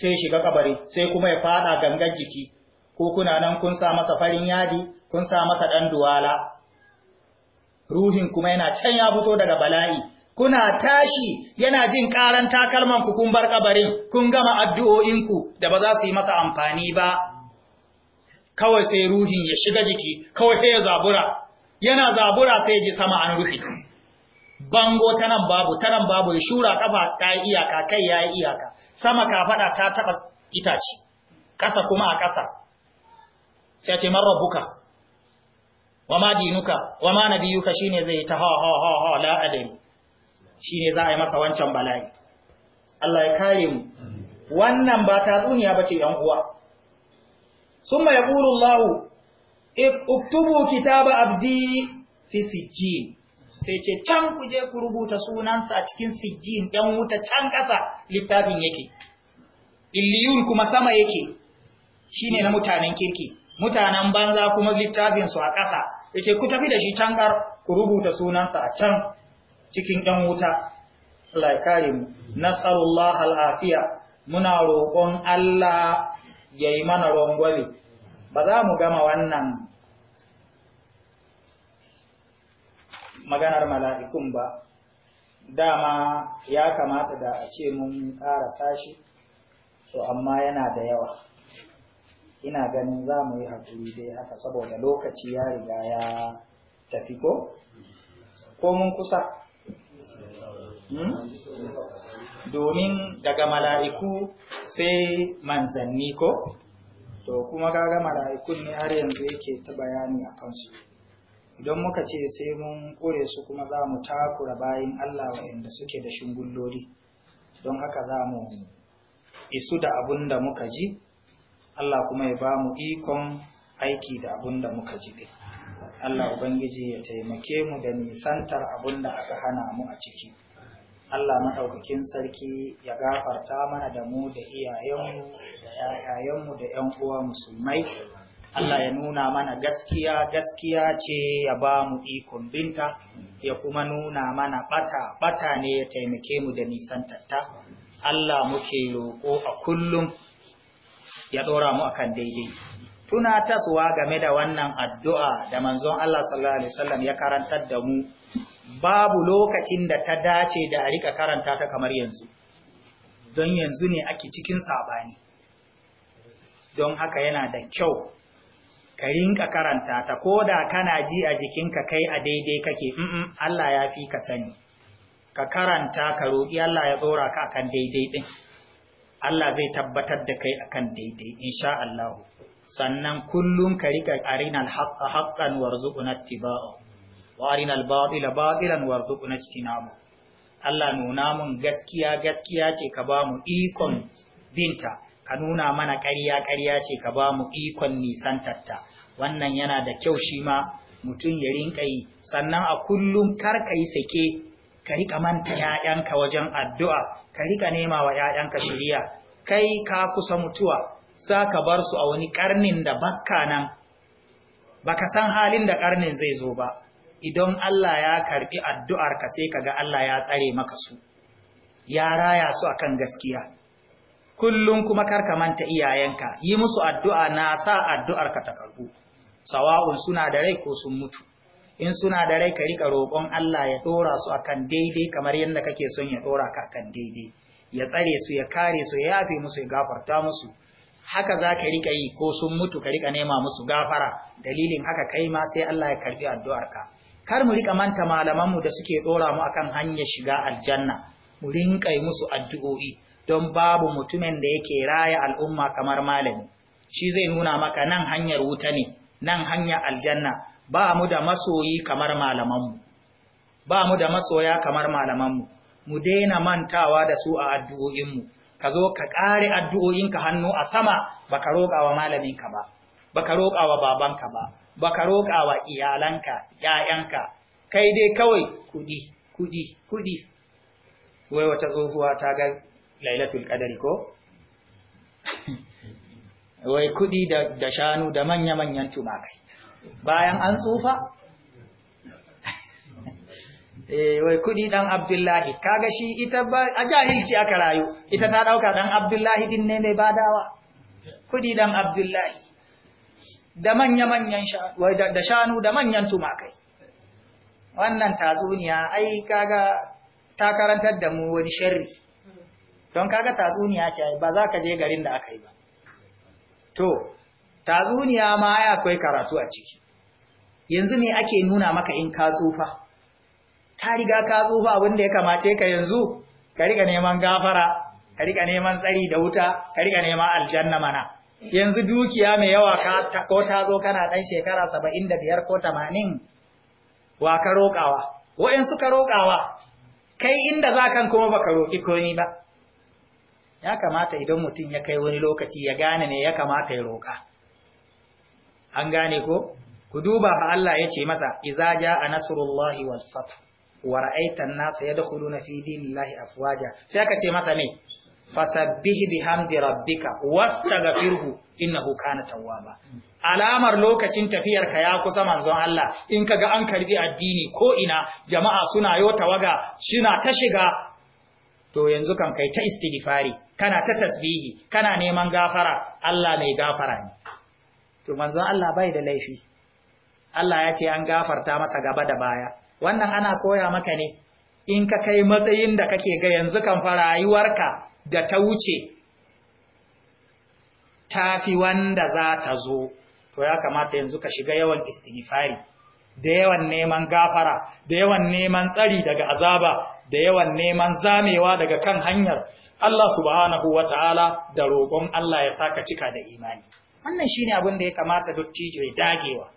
A: sai shiga kabari sai kuma ya fada gangan jiki ko kuna nan kun sa masa farin yadi kun sa masa dan duwala ruhin kuma yana can ya fito daga bala'i kuna tashi yana jin karan takalman ku kun bar kabarin kun gama addu'o'in ku da ba za su yi masa amfani ba kawai sai ruhin ya shiga jiki kawai sai ya zabura yana zabura sai ji sama an rufe bango ta nan babu ta nan babu ya shura kafa ta iyaka kai ya iyaka sama kafada ta taba itace kasa kuma a kasa sai ce man rabbuka wa ma dinuka wa ma nabiyuka shine zai ta ha ha ha ha la adami shine za a yi masa wancan bala'i Allah ya kare mu wannan ba tatsuniya bace yan uwa summa yaqulu Allah iktubu kitaba abdi fi sijjin sai ce can ku je ku rubuta sunansa a cikin sijjin ɗan wuta can ƙasa littafin yake illiyun kuma sama yake shine na mutanen kirki mutanen banza kuma littafinsu a ƙasa ce ku tafi da shi can ƙar ku rubuta sunansa a can cikin ɗan wuta Allah mu nasarullah al'afiya muna roƙon Allah ya yi mana rongwale ba za mu gama wannan maganar mala'ikun ba dama ya kamata da a ce mun ƙara sashi, to amma yana da yawa ina ganin za mu yi haƙuri dai haka saboda lokaci ya riga ya tafi ko ko mun kusa hmm? domin daga mala'iku sai manzanni ko to kuma gaga mala'ikun ne har yanzu yake ta bayani a kansu idan muka ce sai mun kore su kuma za mu takura bayan Allah wa'inda suke da shingulloli don haka za mu isu da abun da muka ji Allah kuma ya ba mu ikon aiki da abun da muka ji Allah Ubangiji ya taimake mu da nisantar abun da aka hana mu a ciki Allah maɗaukakin sarki ya gafarta mana da mu da iyayenmu da 'ya'yayenmu da 'yan uwa musulmai Allah ya nuna mana gaskiya gaskiya ce ya ba mu ikon binta ya kuma nuna mana bata bata ne ya taimake mu da nisan tatta Allah muke roƙo a kullum ya ɗora mu akan daidai tuna taswa game da wannan addu'a da manzon Allah sallallahu alaihi wasallam ya karantar da mu babu lokacin da ta dace da a rika karanta ta kamar yanzu don yanzu ne ake cikin sabani don haka yana da kyau ka rinka karanta ta ko da kana ji a jikinka kai a daidai kake in Allah ya fi ka sani ka karanta ka roƙi Allah ya tsora ka akan daidai din Allah zai tabbatar da kai akan daidai insha Allah sannan kullum ka rika arinal haqqa haqqan warzuqna ittiba'ahu wa arinal batila batilan warzuqna ijtinabu Allah nuna mun gaskiya gaskiya ce ka ba mu ikon binta ka nuna mana ƙarya ƙarya ce ka ba mu ikon nisantarta wannan yana da kyau shi ma mutum ya rinka yi sannan a kullum kar ka yi sake ka rika manta ‘ya'yanka wajen addu'a ka rika nema wa ‘ya'yanka shirya kai ka kusa mutuwa za ka bar su a wani ƙarnin da bakka nan ba ka san halin da ƙarnin zai zo ba idan Allah ya karɓi addu'arka sai ka ga Allah ya tsare maka su ya raya su akan gaskiya kullum kuma kar ka manta iyayenka yi musu addu'a na sa addu'ar ka ta karbu sawa'un suna da rai ko sun mutu in suna da rai ka rika roƙon Allah ya dora su akan daidai kamar yadda kake son ya dora ka akan daidai ya tsare su ya kare su ya yafe musu ya gafarta musu haka za ka rika yi ko sun mutu ka rika nema musu gafara dalilin haka kai ma sai Allah ya karbi addu'arka kar mu rika manta malamanmu da suke dora mu akan hanyar shiga aljanna mu rinka yi musu addu'o'i don babu mutumin da yake raya al'umma kamar malami shi zai nuna maka nan hanyar wuta ne nan hanyar aljanna ba mu da masoyi kamar malamanmu ba mu da masoya kamar malamanmu mu daina mantawa da su a addu'o'inmu ka zo ka ƙare addu'o'inka hannu a sama baka roƙa wa malaminka ba baka roƙa wa babanka ba baka roƙa wa iyalanka ‘ya'yanka kai dai kawai kuɗi kuɗi kuɗi wai wata tsohuwa ta ga lailatul qadari ko (laughs) wai kudi da, da shanu da manya-manyan tumakai bayan an tsufa (laughs) eh wai kudi dan abdullahi kaga shi ita ba a jahilci aka rayu ita ta dauka dan abdullahi din ne mai badawa kudi dan abdullahi da manya-manyan wai da shanu da manyan tumakai wannan tatsuniya ai kaga ta karantar da mu wani sharri don kaga tatsuniya ce ba za ka je garin da aka yi ba to tatsuniya ma ya akwai karatu a ciki yanzu me ake nuna maka in ka tsufa ka riga ka tsufa abin da ya kamace ka yanzu ka riga neman gafara ka riga neman tsari da wuta ka riga neman aljanna mana yanzu dukiya mai yawa ko ta zo kana ɗan shekara saba'in da biyar ko tamanin wa ka roƙawa wa'in suka roƙawa kai inda zakan kan kuma baka roƙi komi ba ya kamata idan mutum ya kai wani lokaci ya gane ne ya kamata ya roƙa an gane ko ku duba fa Allah ya ce masa iza ja nasrullahi wal fath wa da an-nasa yadkhuluna fi dinillahi afwaja sai aka ce masa ne fasabbih bihamdi rabbika wastaghfirhu na kana ba. alamar lokacin tafiyarka ya kusa manzon Allah in kaga an karbi addini ko ina jama'a suna yo tawaga suna ta shiga to yanzu kan kai ta istighfari kana ta tasbihi kana neman gafara Allah mai gafara ne to manzon Allah bai da laifi Allah ya ce an gafarta masa gaba da baya wannan ana koya maka ne in ka kai matsayin da kake ga yanzu kan fa rayuwarka da ta wuce tafi wanda za ta zo to ya kamata yanzu ka shiga yawan istighfari da yawan neman gafara da yawan neman tsari daga azaba da yawan neman zamewa daga kan hanyar Allah subhanahu wa ta'ala da roƙon Allah ya saka cika da imani. Wannan shi ne abin da ya kamata dottijo ya dagewa.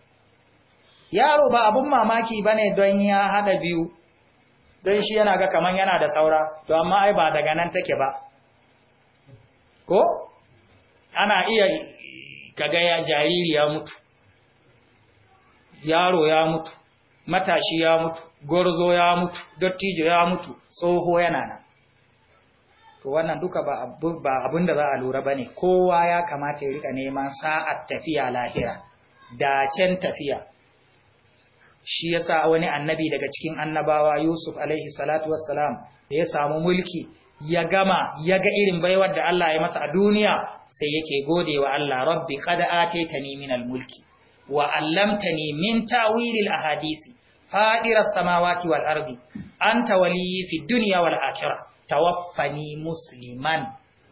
A: Yaro ba abin mamaki ba ne don ya haɗa biyu, don shi yana ga kamar yana da saura, to amma ai ba daga nan take ba. Ko? Ana iya kaga ya jariri ya mutu, yaro ya mutu, matashi ya mutu, gwarzo ya mutu, dattijo ya mutu, tsoho yana nan. to wannan duka ba abin da za a lura ba ne kowa ya kamata ya rika neman sa'ar tafiya lahira dacen tafiya shi ya sa wani annabi daga cikin annabawa yusuf alaihi salatu wassalam da ya samu mulki ya gama ya ga irin baiwar da Allah ya masa a duniya sai yake gode wa Allah rabbi qad ataitani minal mulki wa allamtani min ta'wilil ahadisi fadiras samawati wal ardi anta waliyyi fid dunya wal akhirah tawaffani musliman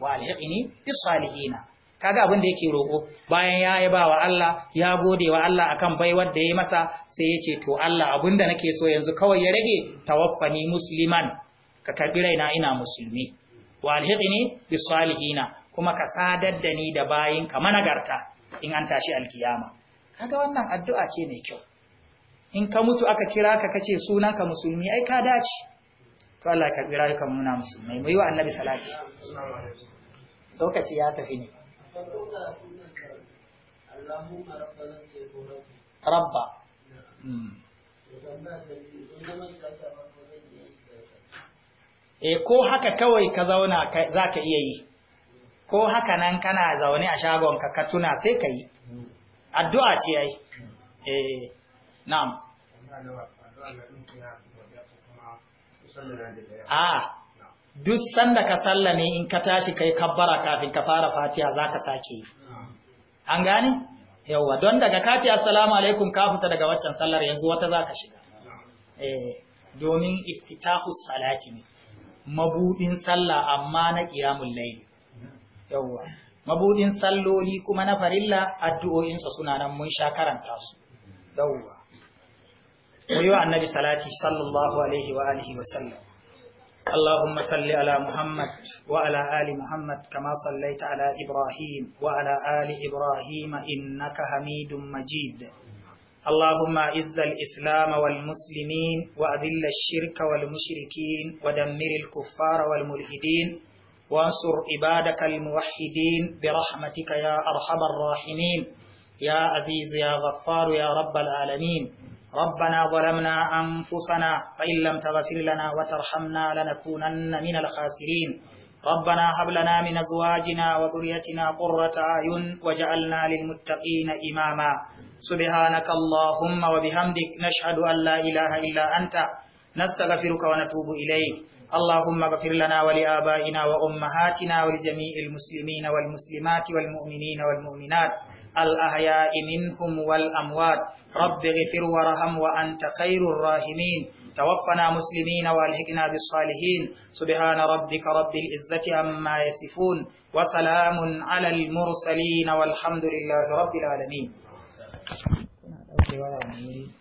A: wa alhiqni bi salihin kaga abin da yake roƙo bayan ya yaba wa Allah ya gode wa Allah akan baiwar da ya masa sai yace to Allah abinda nake so yanzu kawai ya rage tawaffani musliman ka karbi raina ina musulmi wa alhiqni bi salihin kuma ka sadar da ni da bayin ka managarta in an tashi alkiyama kaga wannan addu'a ce mai kyau in ka mutu aka kira ka kace sunanka musulmi ai ka dace to Allah ya karbi rayukan muna musulmai mu yi wa annabi salati lokaci ya tafi ne rabba e ko haka kawai ka zauna za ka iya yi ko haka nan kana zaune a shagonka ka tuna sai ka yi addu'a ce ai eh na'am Ah, A'a, duk sanda ka salla ne in ka tashi kai kabbara kafin ka fara fatiha zaka sake yi an gani? Yawwa. don daga kaci, ce assalamu alaikum ka fita daga waccan sallar yanzu wata za ka shiga eh domin iftitahu salati ne mabudin sallah amma na qiyamul layl Yawwa. mabudin salloli kuma na farilla addu'o'insa suna nan mun sha karanta su yawwa mu النبي صلى الله عليه وآله وسلم اللهم صل على محمد وعلى آل محمد كما صليت على إبراهيم وعلى آل إبراهيم إنك حميد مجيد اللهم أعز الإسلام والمسلمين وأذل الشرك والمشركين ودمر الكفار والملحدين وانصر عبادك الموحدين برحمتك يا أرحم الراحمين يا عزيز يا غفار يا رب العالمين ربنا ظلمنا أنفسنا فإن لم تغفر لنا وترحمنا لنكونن من الخاسرين ربنا هب لنا من أزواجنا وذريتنا قرة أعين وجعلنا للمتقين إماما سبحانك اللهم وبحمدك نشهد أن لا إله إلا أنت نستغفرك ونتوب إليك اللهم اغفر لنا ولآبائنا وأمهاتنا ولجميع المسلمين والمسلمات والمؤمنين والمؤمنات الأحياء منهم والأموات رب اغفر ورحم وأنت خير الراحمين توفنا مسلمين والحقنا بالصالحين سبحان ربك رب العزة عما يصفون وسلام على المرسلين والحمد لله رب العالمين